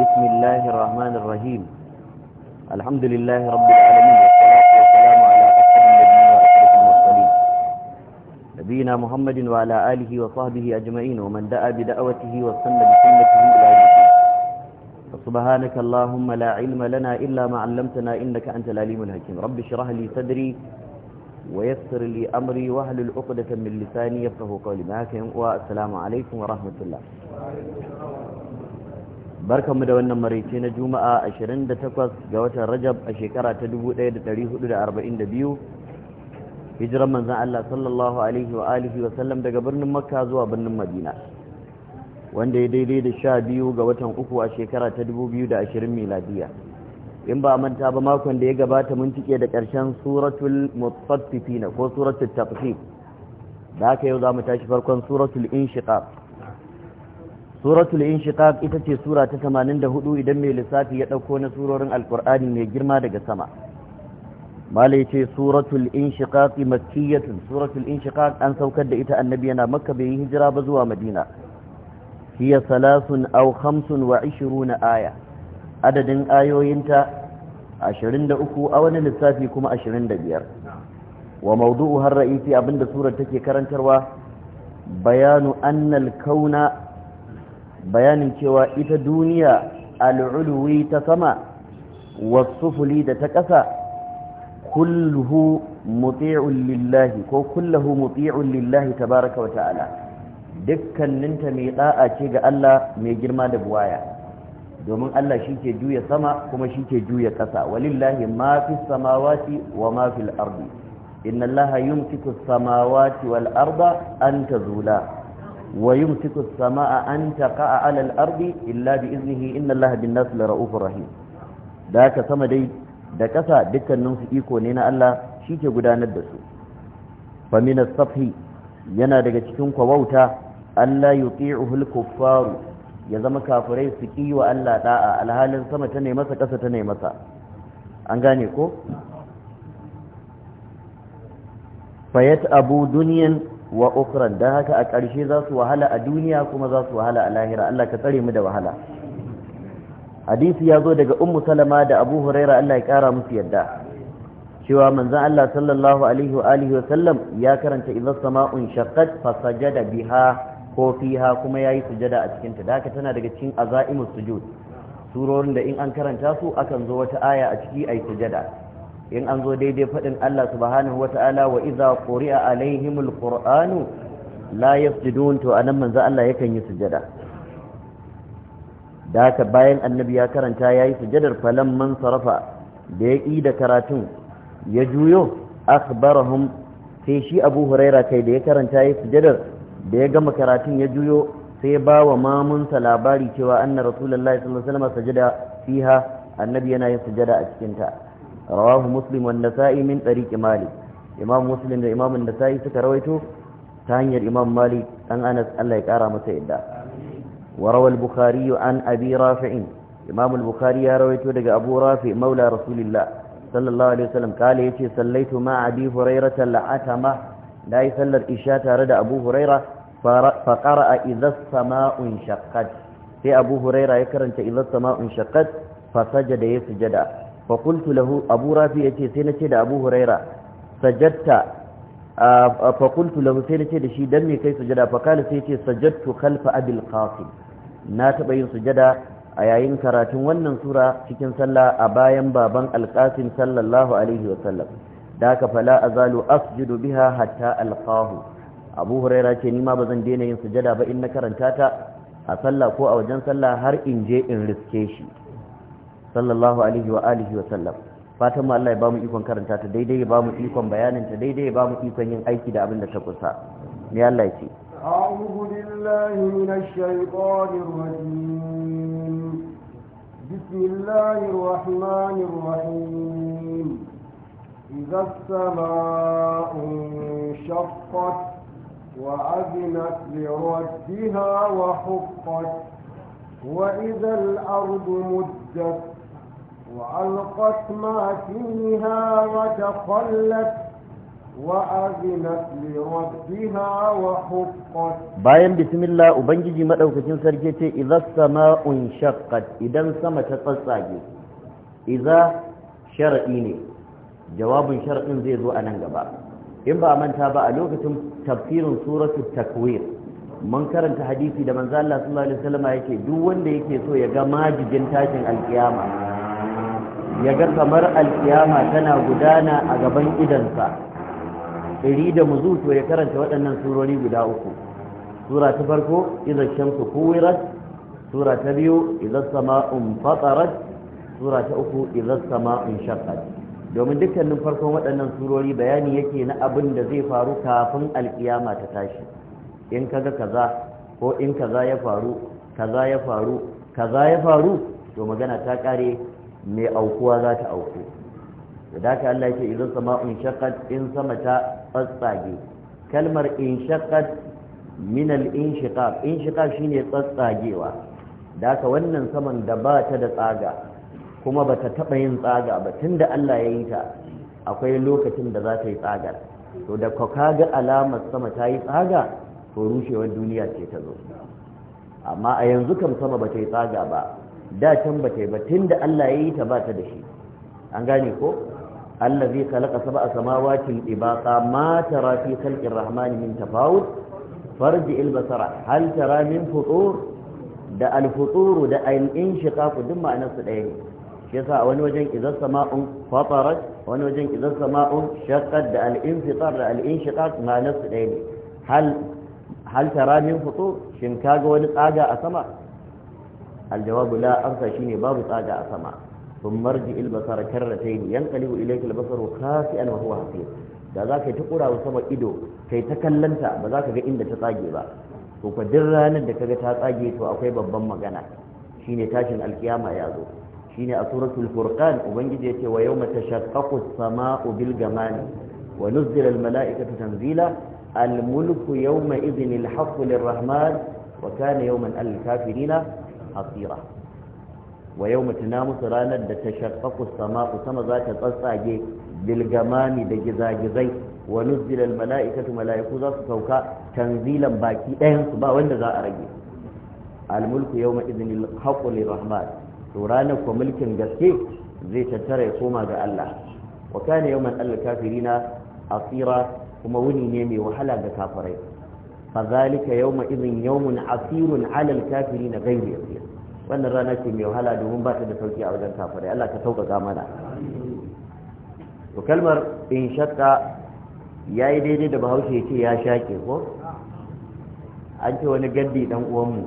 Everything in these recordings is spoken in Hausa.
بسم الله الرحمن الرحيم الحمد لله رب العالمين والصلاة والسلام على أسر النبيين وأسرة المرسلين نبينا محمد وعلى آله وصحبه أجمعين ومن دعا بدعوته واستنى بسنته إلى يوم سبحانك اللهم لا علم لنا إلا ما علمتنا إنك أنت العليم الحكيم رب اشرح لي صدري ويسر لي أمري واهل العقدة من لساني يفقه قولي معك والسلام عليكم ورحمة الله mu da wannan maraice na juma'a 28 ga watan rajab a shekara ta 1442 hijiran manzan Allah sallallahu alaihi wa alihi wa sallam daga birnin makka zuwa birnin madina wanda ya daidai da sha biyu ga watan uku a shekara ta 2020 miladiya in ba manta ba makon da ya gabata mun cike da ƙarshen suratul mutaffifina ko suratul taqfif da haka yau za mu tashi farkon suratul inshika. suratul inshiqaq ita ce sura ta 84 idan mai lissafi ya dauko na surorin alqur'ani mai girma daga sama mala ce suratul inshiqaq makkiyatun suratul inshiqaq an saukar da ita annabi yana makka bai yi hijira ba zuwa madina hiya salasun aw khamsun wa 20 aya adadin ayoyinta 23 a wani lissafi kuma 25 wa mawdu'u har ra'isi abinda surar take karantarwa bayanu annal kauna bayanin cewa ita duniya al'uluwi ta sama wasufuli da ta ƙasa kulluhu muti'un lillahi ko kullahu muti'un lillahi tabaraka wa ta'ala dukkaninta mai ɗa'a ce ga Allah mai girma da buwaya domin Allah shi ke juya sama kuma shi ke juya ƙasa walillahi ma fi samawati wa ma fil ardi inna allaha yumsiku samawati wal arda an zula. ويمسك السماء أن تقع على الأرض إلا بإذنه إن الله بالناس لرؤوف رحيم ذاك سما دي da ƙasa dukkanin iko ne na Allah shi ke gudanar da su famina safi yana daga cikin kwawauta Allah yuti'uhu al-kuffaru ya zama kafirai su ki wa Allah da'a alhalin sama ta ne masa ƙasa ta ne masa an gane ko fayat abu duniyan wa ukran dan haka a ƙarshe za su wahala a duniya kuma za su wahala a lahira Allah ka tsare mu da wahala hadisi ya zo daga ummu salama da abu huraira Allah ya kara musu yadda cewa manzon Allah sallallahu alaihi wa alihi wa sallam ya karanta idza sama'un shaqqat fa sajada biha ko fiha kuma yayi sujada a cikin ta haka tana daga cikin azaimus sujud surorin da in an karanta su akan zo wata aya a ciki ai sujada in an zo daidai faɗin Allah subhanahu wa ta'ala wa iza quri'a alaihimul qur'anu la yasjudun to anan manzo Allah yakan yi sujada da haka bayan annabi ya karanta yayi sujadar falam man sarafa da ya yi da karatun ya juyo akhbarahum sai shi Abu Huraira kai da ya karanta yayi sujadar da ya gama karatun ya juyo sai ba wa mamunsa labari cewa anna rasulullahi sallallahu alaihi wasallam sajada fiha annabi yana yin sujada a cikin ta rawahu muslim wan nasa'i min tariqi malik imam muslim da imam an-nasa'i suka rawaito ta hanyar imam malik dan anas Allah ya kara masa yadda wa rawal bukhari an abi rafi'in imam al-bukhari ya rawaito daga abu rafi maula rasulillah sallallahu alaihi wasallam kale yace sallaitu ma abi hurairata la'atama dai sallar isha tare da abu hurairah فقرأ إذا السماء انشقت في أبو هريرة يكرن إذا السماء انشقت ya sujada. fa qultu lahu sai nace da da shi dan me kai sujada fa kana sai yace sajadtu khalfa na taɓa yin sujada a yayin karatun wannan sura cikin sallah a bayan baban alqasim sallallahu alaihi wa da haka fala azalu asjudu biha hatta alqahu abu huraira ce ni ma ba zan daina yin sujada ba in na karanta ta a sallah ko a wajen sallah har in je in riske shi sallallahu alaihi wa alihi wa sallam fatan mu Allah ya bamu ikon karanta ta daidai ya bamu ikon bayanin ta daidai ya bamu ikon yin aiki da abin da ta kusa ne Allah ya ce a'udhu billahi minash shaitanir rajim bismillahir rahmanir rahim idza as wa adnat li rabbiha wa huqqat wa وألقت ما فيها وتخلت وأذنت لربها وحقت باين بسم الله وبنجي مدوكتين سرجتي إذا السماء انشقت إذا السماء تتصاجي إذا شرعيني جواب شرع زي ذو أننقبا إن بقى من تابع لوكتم تفسير سورة التكوير mun karanta hadisi da manzo Allah sallallahu alaihi wasallam yake duk wanda yake so ya ga majijin tashin alkiyama ya ga kamar alkiyama tana gudana a gaban idansa iri da muzuto ya karanta waɗannan surori guda uku sura ta farko idan shamsu kuwirat sura ta biyu idan sama'un fatarat sura ta uku idan sama'un shaqqat domin dukkanin farkon waɗannan surori bayani yake na abin da zai faru kafin alkiyama ta tashi in kaga kaza ko in kaza ya faru kaza ya faru kaza ya faru to magana ta kare mai aukuwa za ta auku da daga Allah yake idan sama in shaqqat in sama ta tsatsage kalmar in shaqqat min al inshiqaq inshiqaq shine tsatsagewa da wannan saman da ba ta da tsaga kuma ba ta taɓa yin tsaga ba tunda Allah ya yi ta akwai lokacin da za ta yi tsagar to da ka kaga alamar sama ta yi tsaga to rushewar duniya ce ta zo amma a yanzu kam sama ba ta yi tsaga ba da can ba ta yi ba tunda Allah ya yi ta ba ta da shi an gane ko allazi khalaqa sab'a samawati ibaqa ma tara fi khalqi rahmani min tafawut farji al-basara hal tara min fudur da alfuduru da da al ku duk ma'anar su ɗaya ne yasa a wani wajen idan sama'un fatarat wani wajen idan sama'un shaqqat da al'in infitar da al-inshiqaq ma'anar su ɗaya ne hal hal tara min futur shin kaga wani tsaga a sama aljawabu la amsa shine babu tsaga a sama sun marji ilbasara karrataini yanqalibu ilayka albasaru khasi'an an huwa hasir da za ka yi ta kurawa sama ido kai ta kallanta ba za ka ga inda ta tsage ba to fa duk ranar da kaga ta tsage to akwai babban magana shine tashin alkiyama ya zo shine a suratul furqan ubangiji yace wa yawma tashaqqaqu as-sama'u bil gamani wa nuzila al mala'ikatu tanzila al mulku yawma idhin al haqqu lir rahman wa kana yawman al kafirina hasira wa yau mutuna musu ranar da ta shakkaku sama'u sama za ta tsatsage bilgamami da gizagizai wa nuzzilal mala'ikatu mala'iku za su sauka tanzilan baki ɗayan su ba wanda za a rage almulku yau ma izinin haƙulin rahman to ranar ko mulkin gaske zai tattara ya koma ga Allah wa kana yawman alkafirina asira kuma wuni ne mai wahala ga kafirai fa yauma yawma idhin yawmun asirun ala al-kafirin ghayr wannan rana ce mai wahala domin ba ta da sauki a wajen kafirai Allah ka sauƙaƙa mana to kalmar in shakka yayi daidai da Bahaushe ya ce ya shake ko an ce wani gaddi dan uwanmu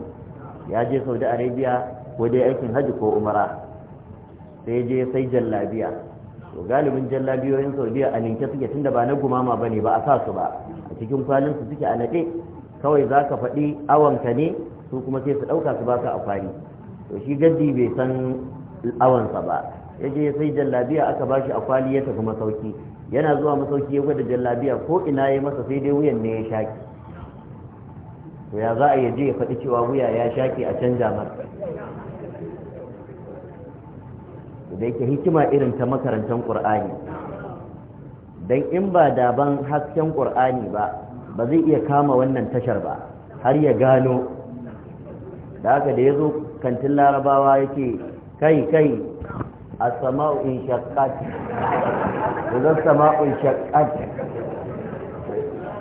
ya je Saudi arabiya ko dai aikin hajji ko umara sai je sai jallabiya to galibin jallabiyoyin saudiya a ninke suke tunda ba na gumama bane ba a sa su ba a cikin kwalin suke a nade kawai za ka faɗi awanka ne su kuma sai su ɗauka su baka amfani to shi gaddi bai san awansa ba ya je sai jallabiya aka ba shi akwali ya tafi masauki yana zuwa masauki ya gwada jallabiya ko ina ya masa sai dai wuyan ne ya shaki to ya za a yi je ya faɗi cewa wuya ya shaki a canja jamar da yake hikima irin ta makarantar ƙur'ani don in ba daban hasken ƙur'ani ba ba zai iya kama wannan tashar ba har ya gano da haka da ya zo kantin larabawa yake kai kai a sama'u in shakkat eh, idan sama'u in shakkat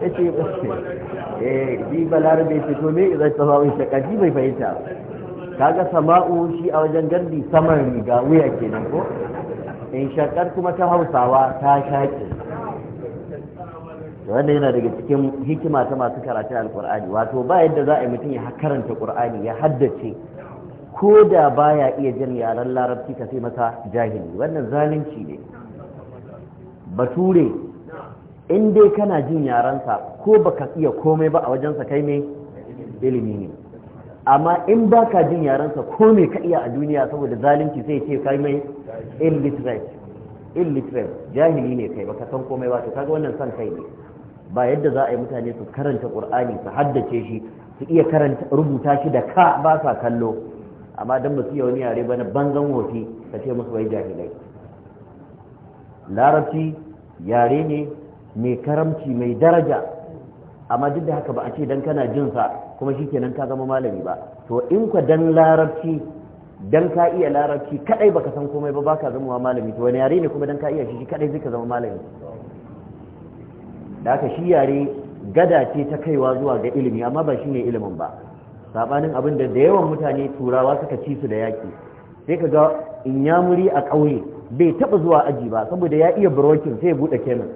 ya ce ya yi ba larabe ce to me zai sama'un in shakkat ji bai fahimta kaga sama'u shi a wajen gandi saman riga wuya nan ko in shakkar kuma ta hausawa ta shaƙi wanda yana daga cikin hikima ta masu karatun alkur'ani wato ba yadda za a yi mutum ya karanta qur'ani ya haddace ko da baya iya jan yaren larabci ka sai masa jahili wannan zalunci ne bature in dai kana jin yarensa ko baka iya komai ba a wajensa kai ne ilimi ne amma in baka jin yarensa ko me ka iya a duniya saboda zalunci sai ce kai mai illiterate illiterate jahili ne kai baka san komai ba to kaga wannan son kai ne ba yadda za a yi mutane su karanta ƙur'ani su haddace shi su iya karanta rubuta shi da ka ba sa kallo amma don ba su yi wani yare ba na banzan wofi ka ce musu wai jahilai larabci yare ne mai karamci mai daraja amma duk da haka ba a ce dan kana jinsa kuma kuma kenan ka zama malami ba to in ka dan larabci dan ka iya larabci kadai baka san komai ba baka zama malami to wani yare ne kuma dan ka iya shi kadai zai ka zama malami da aka shi yare gada ce ta kaiwa zuwa ga ilimi amma ba shi ne ilimin ba saɓanin abin da da yawan mutane turawa suka ci su da yaƙi sai ka ga inyamuri a ƙauye bai taɓa zuwa aji ba saboda ya iya brokin sai ya buɗe kemin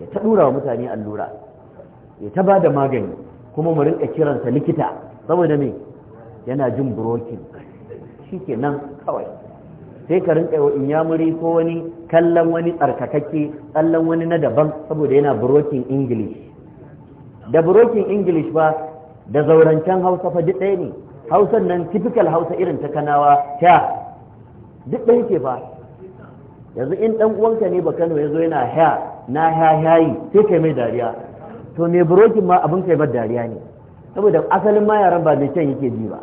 ya ta ɗura wa mutane allura ya ta ba da magani kuma mu rinƙa kiransa likita saboda me yana jin brokin shi kenan kawai sai ka rinka wa inyamuri ko wani kallon wani tsarkakakke kallon wani na daban saboda yana broken english da broken english ba da zaurancen hausa fa duk ɗaya ne hausan nan typical hausa irin ta kanawa ta duk ɗaya ke fa yanzu in ɗan uwanka ne ba kano ya zo yana ha na ha hayi sai kai mai dariya to me broken ma abin kai dariya ne saboda asalin ma yaran ba mai can yake ji ba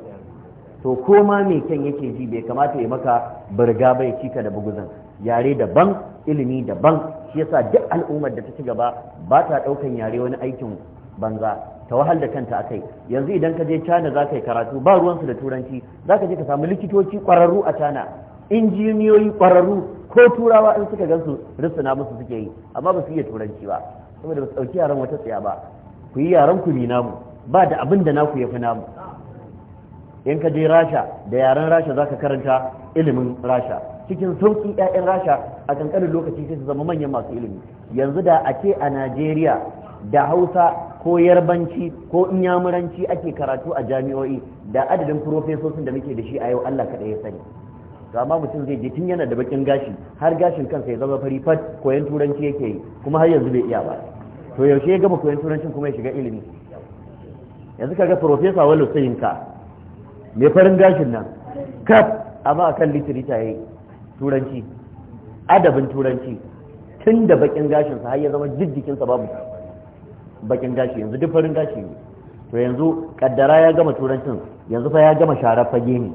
to koma mai kyan yake ji bai kamata ya maka burga bai cika da buguzan yare daban ilimi daban shi yasa duk al'ummar da ta ci gaba ba ta ɗaukan yare wani aikin banza ta wahal da kanta akai yanzu idan ka je China za ka yi karatu ba ruwansu da turanci za ka je ka samu likitoci ƙwararru a China injiniyoyi ƙwararru ko turawa in suka gansu risina musu suke yi amma ba su iya turanci ba saboda ba su ɗauki yaran wata tsaya ba ku yi yaran ku bi namu ba da abin da naku ya fi namu in ka je rasha da yaren rasha za ka karanta ilimin rasha cikin sauƙi 'ya'yan rasha a ƙanƙanin lokaci sai su zama manyan masu ilimi yanzu da a ce a najeriya da hausa ko yarbanci ko inyamuranci ake karatu a jami'o'i da adadin furofesosin da muke da shi a yau allah kaɗai ya sani amma mutum zai je tun yana da bakin gashi har gashin kansa ya zama fari fat koyan turanci yake yi kuma har yanzu bai iya ba to yaushe ya gama koyan turancin kuma ya shiga ilimi yanzu kaga profesa wani sayinka mai farin gashin nan kaf amma akan ta yayi turanci adabin turanci tun da bakin gashinsa har ya zama jijjikinsa babu bakin gashi yanzu duk farin gashi ne to yanzu kaddara ya gama turancin yanzu fa ya gama sharar fage ne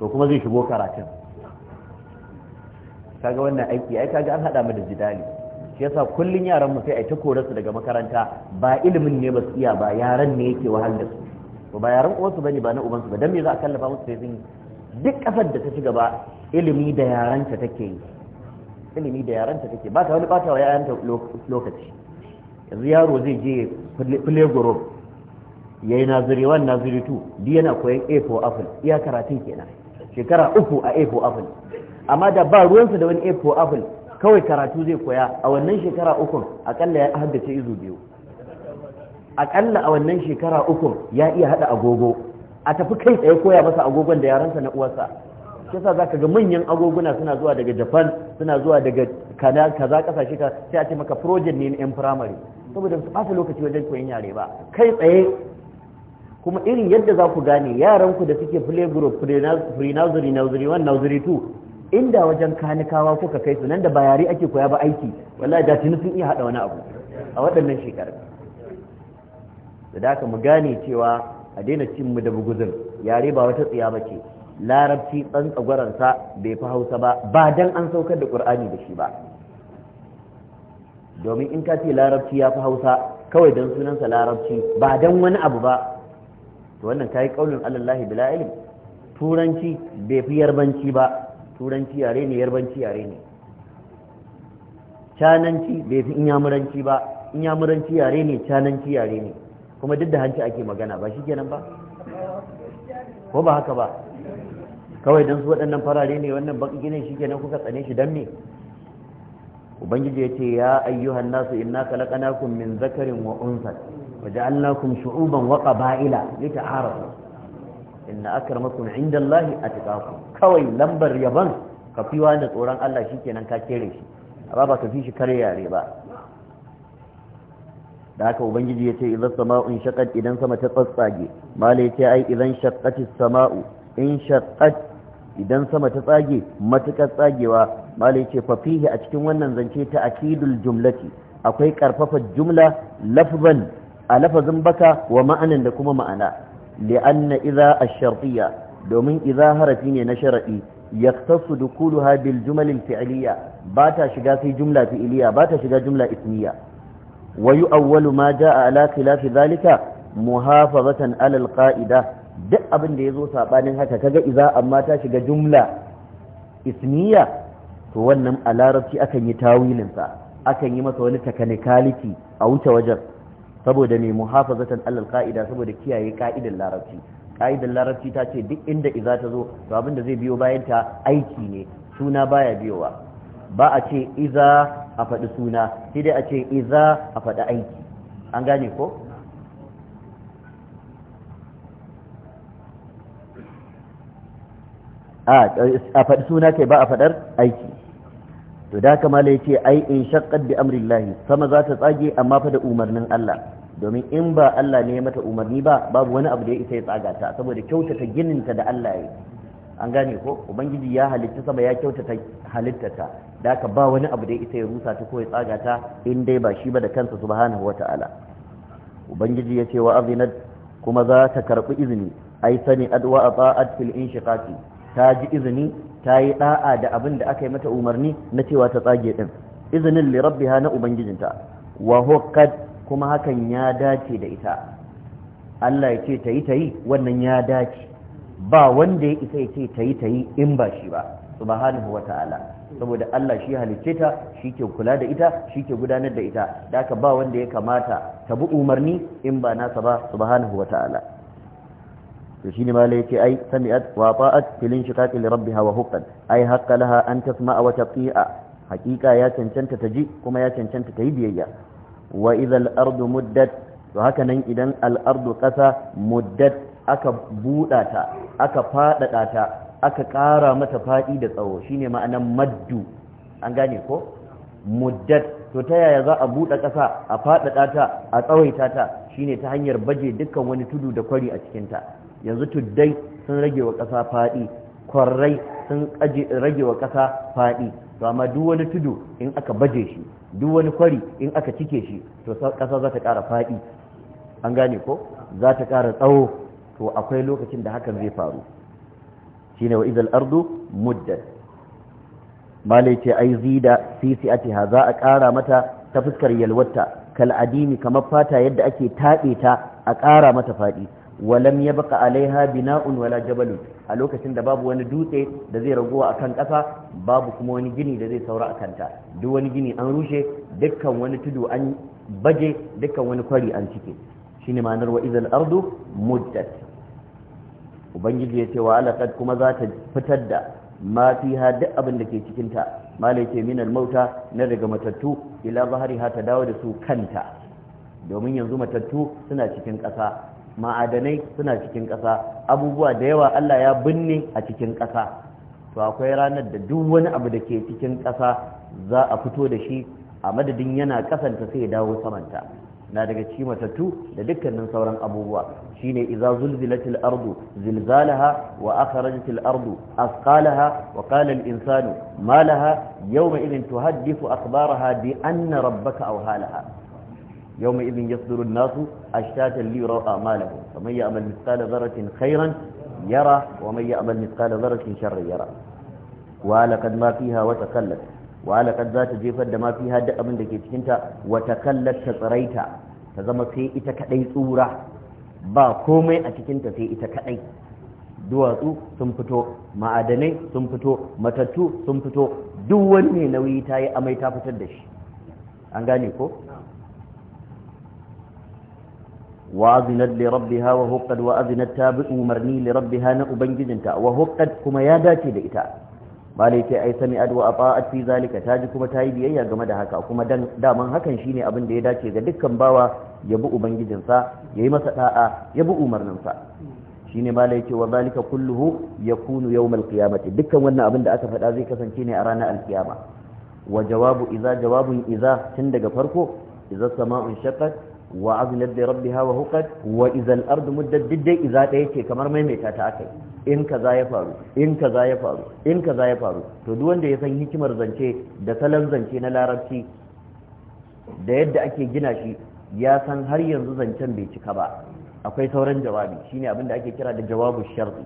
to kuma zai shigo karatun kaga wannan aiki ai kaga an hada mu da jidali shi yasa kullun yaran mu sai ai ta kore su daga makaranta ba ilimin ne ba su iya ba yaran ne yake wahal da su to ba yaran uwansu bane ba na ubansu ba dan me za a kallafa musu sai sun duk kasar da ta ci gaba ilimi da yaranta take yi ilimi da yaranta take ba ta wani bata wa yaranta lokaci yanzu yaro zai je play group ya yi naziri 1 naziri 2 duk yana koyan a for apple iya karatun kenan shekara uku a a for apple amma da ba ruwansa da wani a for apple kawai karatu zai koya a wannan shekara ukun akalla ya haddace izu biyu akalla a wannan shekara uku ya iya hada agogo a tafi kai tsaye koya masa agogon da yaransa na uwarsa shi yasa zaka ga manyan agoguna suna zuwa daga Japan suna zuwa daga kaza kaza kasashe ka sai a ce maka project ne na yan primary saboda su fasa lokaci wajen koyon yare ba kai tsaye kuma irin yadda za ku gane ku da suke play group pre nursery nursery 1 nursery 2 inda wajen kanikawa kuka kai su nan da ba yare ake koya ba aiki wallahi da tuni sun iya hada wani abu a waɗannan shekaru da haka mu gane cewa a daina cin mu da buguzun yare ba wata tsiya bace larabci sa bai fi hausa ba ba dan an saukar da qur'ani da shi ba domin in ka ce larabci ya fi hausa kawai don sunansa larabci ba dan wani abu ba to wannan kayi kaulin alallahi bila ilim turanci bai fi yarbanci ba turanci yare ne yarbanci yare ne cananci bai fi inyamuranci ba inyamuranci yare ne cananci yare ne kuma duk da hanci ake magana ba shikenan ba ko ba haka ba kawai don su waɗannan farare ne wannan baƙi ne shikenan kuka tsane shi dan me ubangiji ya ce ya ayyuhan nasu inna khalaqnakum min zakarin wa unsa wa ja'alnakum shu'uban wa qaba'ila lita'arafu inna akramakum 'inda Allahi atqakum kawai lambar yaban kafiwa da tsoron Allah shikenan ka kere shi ba ba ka fi shi kare yare ba da haka ubangiji ya ce idan sama'u in shaqqat idan sama ta tsatsage mala ce ai idan shaqqatis sama'u in shaqqat idan sama ta tsage matukar tsagewa mala ce fafihi a cikin wannan zance ta akidul jumlati akwai karfafa jumla lafzan a lafazin baka wa ma'anan da kuma ma'ana li'anna idza ash-shartiyya domin idza harafi ne na shar'i yaktasu dukuluha bil jumal al-fi'liyya ba ta shiga sai jumla fi'liya ba ta shiga jumla ismiyya ويؤول ما جاء على خلاف ذلك محافظة على القائدة duk abin da ya zo saɓanin haka kaga iza amma ta shiga jumla ismiya to wannan a larabci akan yi tawilinsa akan yi masa wani takanikaliti a wuce wajen saboda mai muhafazatan allal ka'ida saboda kiyaye ka'idan larabci ka'idan larabci ta ce duk inda iza ta zo to abin da zai biyo bayan ta aiki ne suna baya biyowa ba a ce iza a faɗi suna shi dai a ce iza a faɗi aiki an gane ko a faɗi suna kai ba a faɗar aiki to da kama ya ce ai in shaqqat da amrillahi sama za ta tsage amma fa da umarnin Allah domin in ba Allah ne mata umarni ba babu wani abu da ya isa ya tsaga ta saboda kyautata gininta da Allah ya yi. an gane ko ubangiji ya halitta sama ya kyautata halittata da ba wani abu da ita ya rusa ta ko ya tsaga ta in dai ba shi ba da kansa subhanahu ta'ala ubangiji ya ce wa azinat kuma za ta karɓi izini ai sani adwa ata'at fil inshiqati ta ji izini ta yi da'a da abin da aka yi mata umarni na cewa ta tsage din izinin li rabbiha na ubangijinta wa huqqat kuma hakan ya dace da ita Allah ya ce tayi tayi wannan ya dace ba wanda ya isa ya ce tayi tayi in ba shi ba subhanahu wata'ala saboda Allah shi halicce ta shi ke kula da ita shi ke gudanar da ita da aka ba wanda ya kamata ta bi umarni in ba nasa ba subhanahu wa ta'ala to shine ma yake ai sami'at wa ta'at filin shiqaqi li rabbiha wa huqqan ai haqqa laha an tasma'a wa tati'a haqiqa ya cancanta ta ji kuma ya cancanta ta yi biyayya wa idha ardu muddat to haka nan idan al-ardu qasa muddat aka buɗa ta aka faɗaɗa ta aka ƙara mata faɗi da tsawo shine ma'anan maddu an gane ko muddat to ta yaya za a buɗe ƙasa a faɗaɗa ta a tsawaita ta shine ta hanyar baje dukkan wani tudu da kwari a cikinta yanzu tuddai sun rage wa ƙasa faɗi kwarrai sun rage wa ƙasa faɗi to amma duk wani tudu in aka baje shi duk wani kwari in aka cike shi to ƙasa za ta ƙara faɗi an gane ko za ta ƙara tsawo to akwai lokacin da hakan zai faru ne wa izal ardu muddat malai ce ai zida fi za a ƙara mata ta fuskar yalwata kal adimi kamar fata yadda ake taɓe ta a ƙara mata faɗi walam ya baka alaiha bina'un wala jabalun a lokacin da babu wani dutse da zai raguwa akan ƙasa babu kuma wani gini da zai saura a kanta duk wani gini an rushe dukkan wani tudu an baje dukkan wani kwari an cike shine ma'anar wa izal ardu muddat ubangiji ya ce wa alaqad kuma za ta fitar da ma duk abin da ke cikin ta malai ce minal mauta na daga matattu ila ha ta dawo da su kanta domin yanzu matattu suna cikin ƙasa ma'adanai suna cikin ƙasa abubuwa da yawa Allah ya binne a cikin ƙasa to akwai ranar da duk wani abu da ke cikin ƙasa za a fito da shi a madadin yana kasanta sai ya dawo samanta na daga cikin matattu da dukkanin sauran abubuwa shine idza zulzilatil ardu zilzalaha wa akhrajatil ardu asqalaha wa qala al insanu ma laha yawma idhin tuhaddithu akhbaraha bi anna rabbaka awhalaha yawma idhin yasduru an-nasu ashtatan li yaraw a'malahum faman ya'mal mithqala dharratin khayran yara wa man ya'mal mithqala dharratin sharran yara wa laqad ma fiha wa takallat wa laqad za ta jefar da ma fiha duk abin da ke cikinta wa takallat ta tsiraita ta zama sai ita kadai tsura ba komai a cikinta sai ita kadai duwatsu sun fito ma'adanai sun fito matattu sun fito duk wanne nauyi ta yi amai ta fitar da shi an gane ko umarni li rabbiha na ubangijinta wa لربها kuma ya dace da ita. malai ai sami adwa ata'at fi zalika taji kuma tayi biyayya game da haka kuma dan daman hakan shine abin da ya dace ga dukkan bawa ya bi sa yayi masa da'a ya bi sa shine malai ce wa zalika kulluhu yakunu yawm alqiyamati dukkan wannan abin da aka faɗa zai kasance ne a ranar alkiyama wa jawabu iza jawabun iza tun daga farko iza sama'un shaqqat wa azilat bi rabbiha wa huqat wa izal ardu muddat diddai idha daya yake kamar maimaita ta akai in kaza ya faru in kaza ya faru in kaza ya faru to duk wanda ya san hikimar zance da salon zance na larabci da yadda ake gina shi ya san har yanzu zancen bai cika ba akwai sauran jawabi shine abin da ake kira da jawabu sharri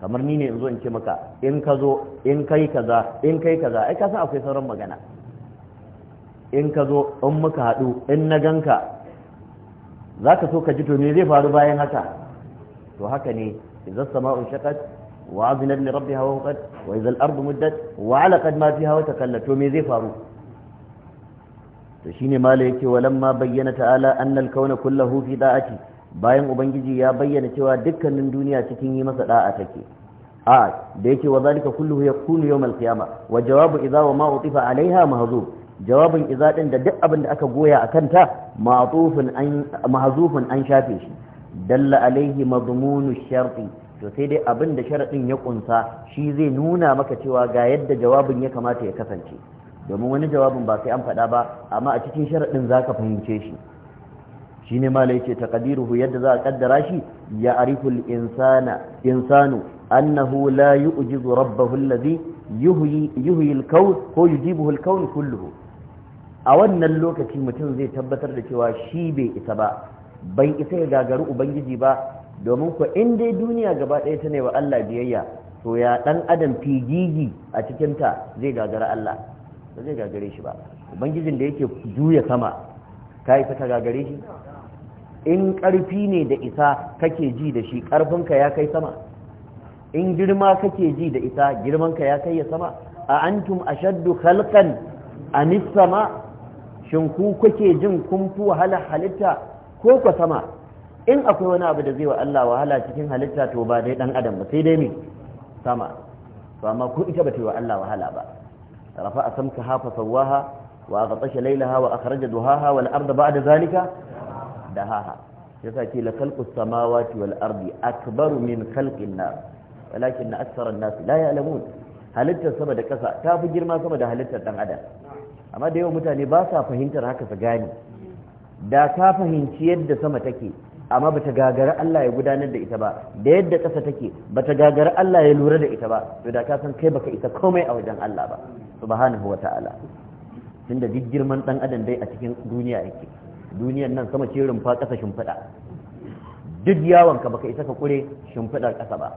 kamar ni ne in in ce maka in ka zo in kai kaza in kai kaza ai ka san akwai sauran magana in ka zo in muka haɗu in na ganka za ka so ka ji to me zai faru bayan haka to haka ne idan sama'un shakat wa azinat ne rabbi wa waqat wa idza ardu muddat wa alaqat ma fiha hawa takallat to me zai faru to shine mala yake walamma bayyana ta'ala annal kauna kawna kullahu fi da'ati bayan ubangiji ya bayyana cewa dukkanin duniya cikin yi masa da'a take a da yake wa zalika kulluhu yakunu yawm al-qiyamah wa jawabu idza wa ma utifa alaiha mahzub jawabin iza da duk abin da aka goya a kanta ma'tufun an shafe shi dalla alaihi madmunu sharti to sai dai abin da sharaɗin ya kunsa shi zai nuna maka cewa ga yadda jawabin ya kamata ya kasance domin wani jawabin ba sai an faɗa ba amma a cikin sharadin zaka fahimce shi shine malai ce taqdiruhu yadda za a kaddara shi ya ariful insana insanu annahu la yu'jizu rabbahu alladhi yuhyi yuhyi al-kawn ko yujibuhu al-kawn kulluhu a wannan lokaci mutum zai tabbatar da cewa shi bai isa ba bai isa ya gagaru ubangiji ba domin ku in dai duniya gaba ɗaya ta ne wa Allah biyayya to ya ɗan adam fijigi a cikinta zai gagara Allah ba zai gagare shi ba ubangijin da yake juya sama ka isa ka gagare shi in karfi ne da isa kake ji da shi ƙarfinka ya kai sama in girma kake ji da isa girmanka ya kai ya sama a antum ashaddu khalqan anis sama shin ku kuke jin kun fi wahala halitta ko ku sama in akwai wani abu da zai wa Allah wahala cikin halitta to ba dai dan adam ba sai dai me sama to amma ko ita ba ta yi wa Allah wahala ba rafa samkaha hafa sawaha wa ghatasha laylaha wa akhraja duhaha wal arda ba'da zalika dahaha yasa ce la khalqus samawati wal ardi akbaru min khalqin nar walakin aktsara nas la ya'lamun halittar sama da kasa ta fi girma sama da halittar dan adam amma da yawan mutane ba sa fahimtar haka su gani da ka fahimci yadda sama take amma bata gagara Allah ya gudanar da ita ba da yadda ƙasa take bata gagara Allah ya lura da ita ba to da ka san kai baka isa komai a wajen Allah ba subhanahu wa ta'ala tunda duk girman dan adam dai a cikin duniya yake duniyar nan sama ce rumfa ƙasa shimfiɗa duk yawon ka baka isa ka kure shimfiɗar ƙasa ba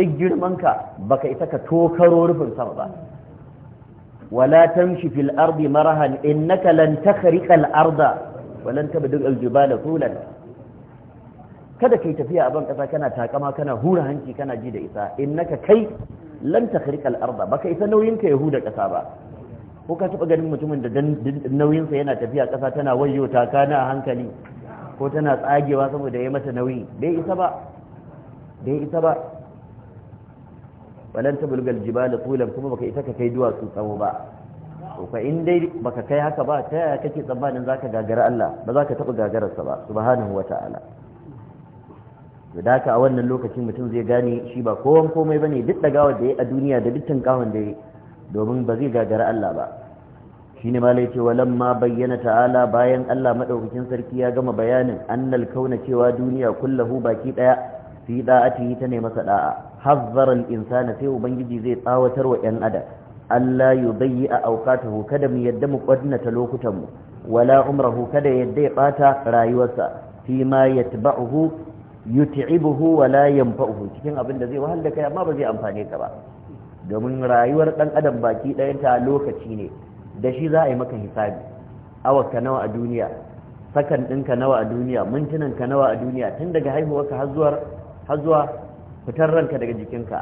duk girman ka baka isa ka tokaro rufin sama ba ولا تمشي في الأرض مرها إنك لن تخرق الأرض ولن تبدل الجبال طولا kada kai tafiya a ban kasa kana takama kana hura hanci kana ji da isa innaka kai lan takhriqal arda baka isa nauyin ka yahuda kasa ba ko ka taba ganin mutumin da nauyin sa yana tafiya kasa tana wayo takana a hankali ko tana tsagewa saboda yayi mata nauyi bai isa ba bai isa ba balan ta bulgal jibala tulan kuma baka ita ka kai duwatsu tsawo ba to fa in dai baka kai haka ba ta yaya kake tsammanin zaka gagara Allah ba zaka taba gagararsa ba subhanahu wataala to da ka a wannan lokacin mutum zai gane shi ba kowan komai bane duk daga da yayi a duniya da dukkan kawon da yayi domin ba zai gagara Allah ba shine ma ce walan ma bayyana ta'ala bayan Allah madaukakin sarki ya gama bayanin annal kauna cewa duniya kullahu baki daya fi da'ati ta ne masa da'a hazzara al-insana sai ubangiji zai tsawatar wa yan adam Allah yi a auqatahu kada mu yadda mu kwadnata lokutan mu wala umrahu kada yadda ya bata rayuwarsa fi ma yatba'uhu yut'ibuhu wala yanfa'uhu cikin abin zai wahal da kai amma ba zai amfane ka ba domin rayuwar dan adam baki ɗayan ta lokaci ne da shi za a yi maka hisabi awaka nawa a duniya sakan ɗinka nawa a duniya mintunan ka nawa a duniya tun daga haihuwar har zuwa fitar ranka daga jikinka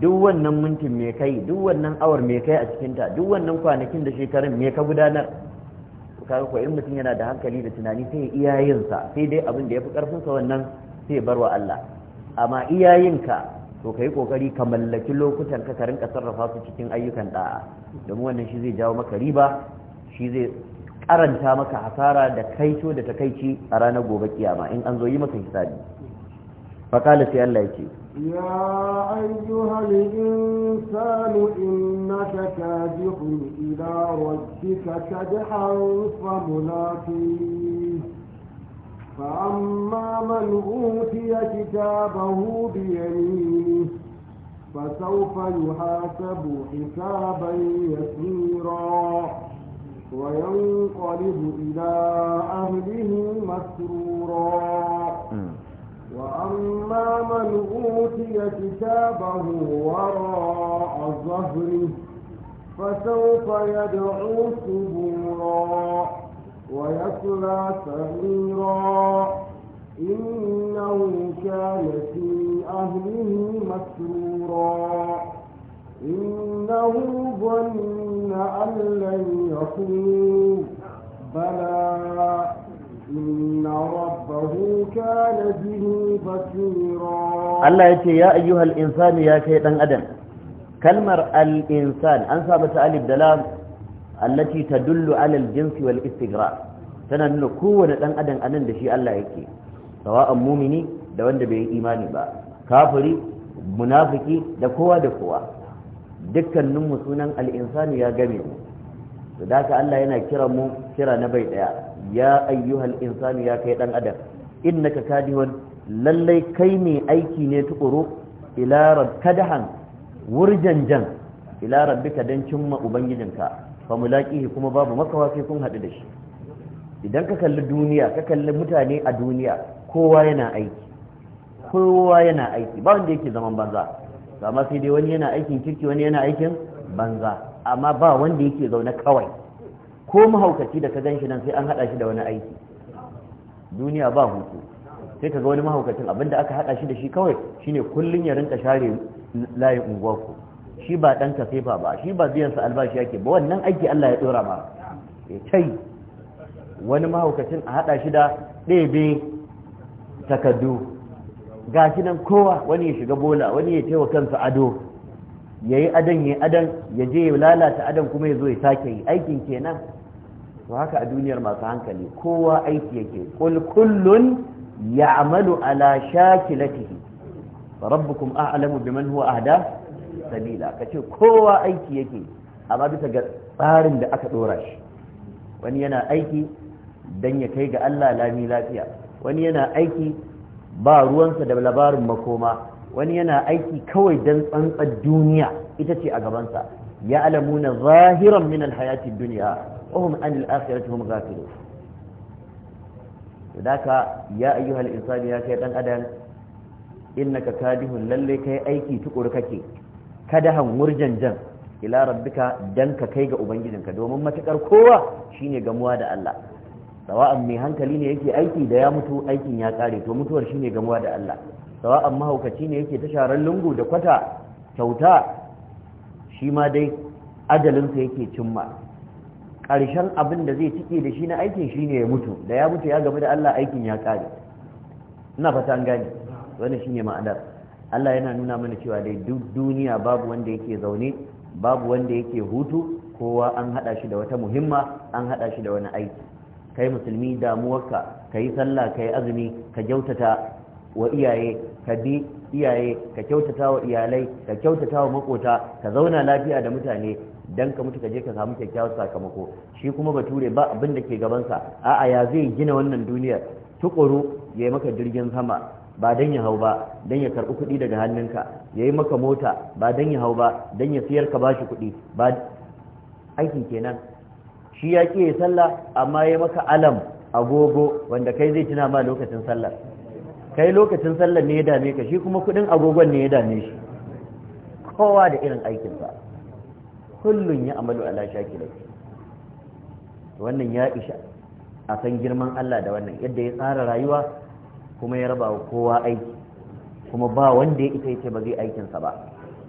duk wannan mintin mai kai duk wannan awar mai kai a cikinta duk wannan kwanakin da shekarun me ka gudanar kaga ko in mutum yana da hankali da tunani sai iyayensa sai dai abin da ya fi karfinsa wannan sai barwa Allah amma iyayenka to ka yi kokari ka mallaki lokutan ka rinka sarrafa su cikin ayyukan da'a domin wannan shi zai jawo maka riba shi zai karanta maka hasara da kaito da takaici a ranar gobe kiyama in an zo yi maka hisabi faƙala sai Allah yake يا أيها الإنسان إنك كادح إلى ربك كدحا فملاقيه فأما من أوتي كتابه بيمينه فسوف يحاسب حسابا يسيرا وينقلب إلى أهله مسرورا وأما من أوتي كتابه وراء ظهره فسوف يدعو سبورا ويصلى سعيرا إنه كان في أهله مسرورا إنه ظن أن لن يخلو بلى إن ya كان به بصيرا الله يتي يا أيها الإنسان يا كيد أدم كلمر الإنسان أنسى بتعالي بدلام التي تدل على الجنس والاستغراء تنا نو كون دان ادم انن da shi Allah yake سواء مؤمني da wanda bai yi imani ba kafiri munafuki da kowa da kowa dukkaninmu sunan al-insani ya game mu sadaka Allah yana kiran mu kira na bai ɗaya. ya ayyuhal sami ya kai dan adam innaka kadihun lallai kai ne aiki ne tukuru ila kadahan wurjanjan ila rabbika dan cimma ubangijinka fa mulaqihi kuma babu makawa sai kun hadu da shi idan ka kalli duniya ka kalli mutane a duniya kowa yana aiki kowa yana aiki ba wanda yake zaman banza amma sai dai wani yana aikin kirki wani yana aikin banza amma ba wanda yake zaune kawai ko mahaukaci da ka ganshi nan sai an haɗa shi da wani aiki duniya ba hutu sai ka ga wani mahaukacin abinda aka haɗa shi da shi kawai shine kullun ya rinka share layin unguwarku shi ba ɗan sai ba shi ba biyan sa albashi yake ba wannan aiki Allah ya dora ba ya kai wani mahaukacin a haɗa shi da ɗebe takardu ga shi nan kowa wani ya shiga bola wani ya taiwa kansa ado ya yi adon ya yi ya je ya lalata adan kuma ya zo ya sake yi aikin kenan to haka a duniyar masu hankali kowa aiki yake kul kullun ya'malu ala shakilatihi rabbukum a'lamu biman huwa ahda sabila kace kowa aiki yake amma bisa ga tsarin da aka dora shi wani yana aiki dan ya kai ga Allah lami lafiya wani yana aiki ba ruwansa da labarin makoma wani yana aiki kawai dan tsantsar duniya ita ce a gabansa ya na zahiran min alhayatid dunya وهم عن yi هم غافلون ذاك يا أيها الإنسان يا شيطان أدن إنك كاده للي كي kada تقركك كدها مرجنجا ila duka dan ka kai ga ubangijinka domin matakar kowa shine gamuwa da Allah sawa'an mai hankali ne yake aiki da ya mutu aikin ya kare to mutuwar shine gamuwa da Allah sawa'an mahaukaci ne yake ta sharan lungu da kwata kyauta shi ma dai ajalinsa yake cimma ƙarshen abin da zai cike da shi na aikin shi ne ya mutu da ya mutu ya gaba da Allah aikin ya ƙare ina fata an gane wani shi ne ma'anar Allah yana nuna mana cewa dai duk duniya babu wanda yake zaune babu wanda yake hutu kowa an haɗa shi da wata muhimma an haɗa shi da wani aiki kai musulmi damuwarka ka yi sallah ka yi azumi ka kyautata wa iyaye ka bi iyaye ka kyautata wa iyalai ka kyautata wa makota ka zauna lafiya da mutane dan ka mutu ka je ka samu kyakkyawar sakamako shi kuma ba ture ba abin da ke gabansa a'a ya zai gina wannan duniyar tukuru ya yi maka jirgin sama ba dan ya hau ba dan ya karɓi kuɗi daga hannunka ya yi maka mota ba dan ya hau ba dan ya siyar ka bashi kuɗi ba aikin kenan shi ya ƙi sallah amma ya maka alam agogo wanda kai zai tuna ma lokacin sallar kai lokacin sallar ne ya dame ka shi kuma kuɗin agogon ne ya dame shi kowa da irin aikinsa kullun ya amalu ala shakilai wannan ya isha a san girman Allah da wannan yadda ya tsara rayuwa kuma ya raba kowa aiki kuma ba wanda ya ita yake ba zai aikinsa ba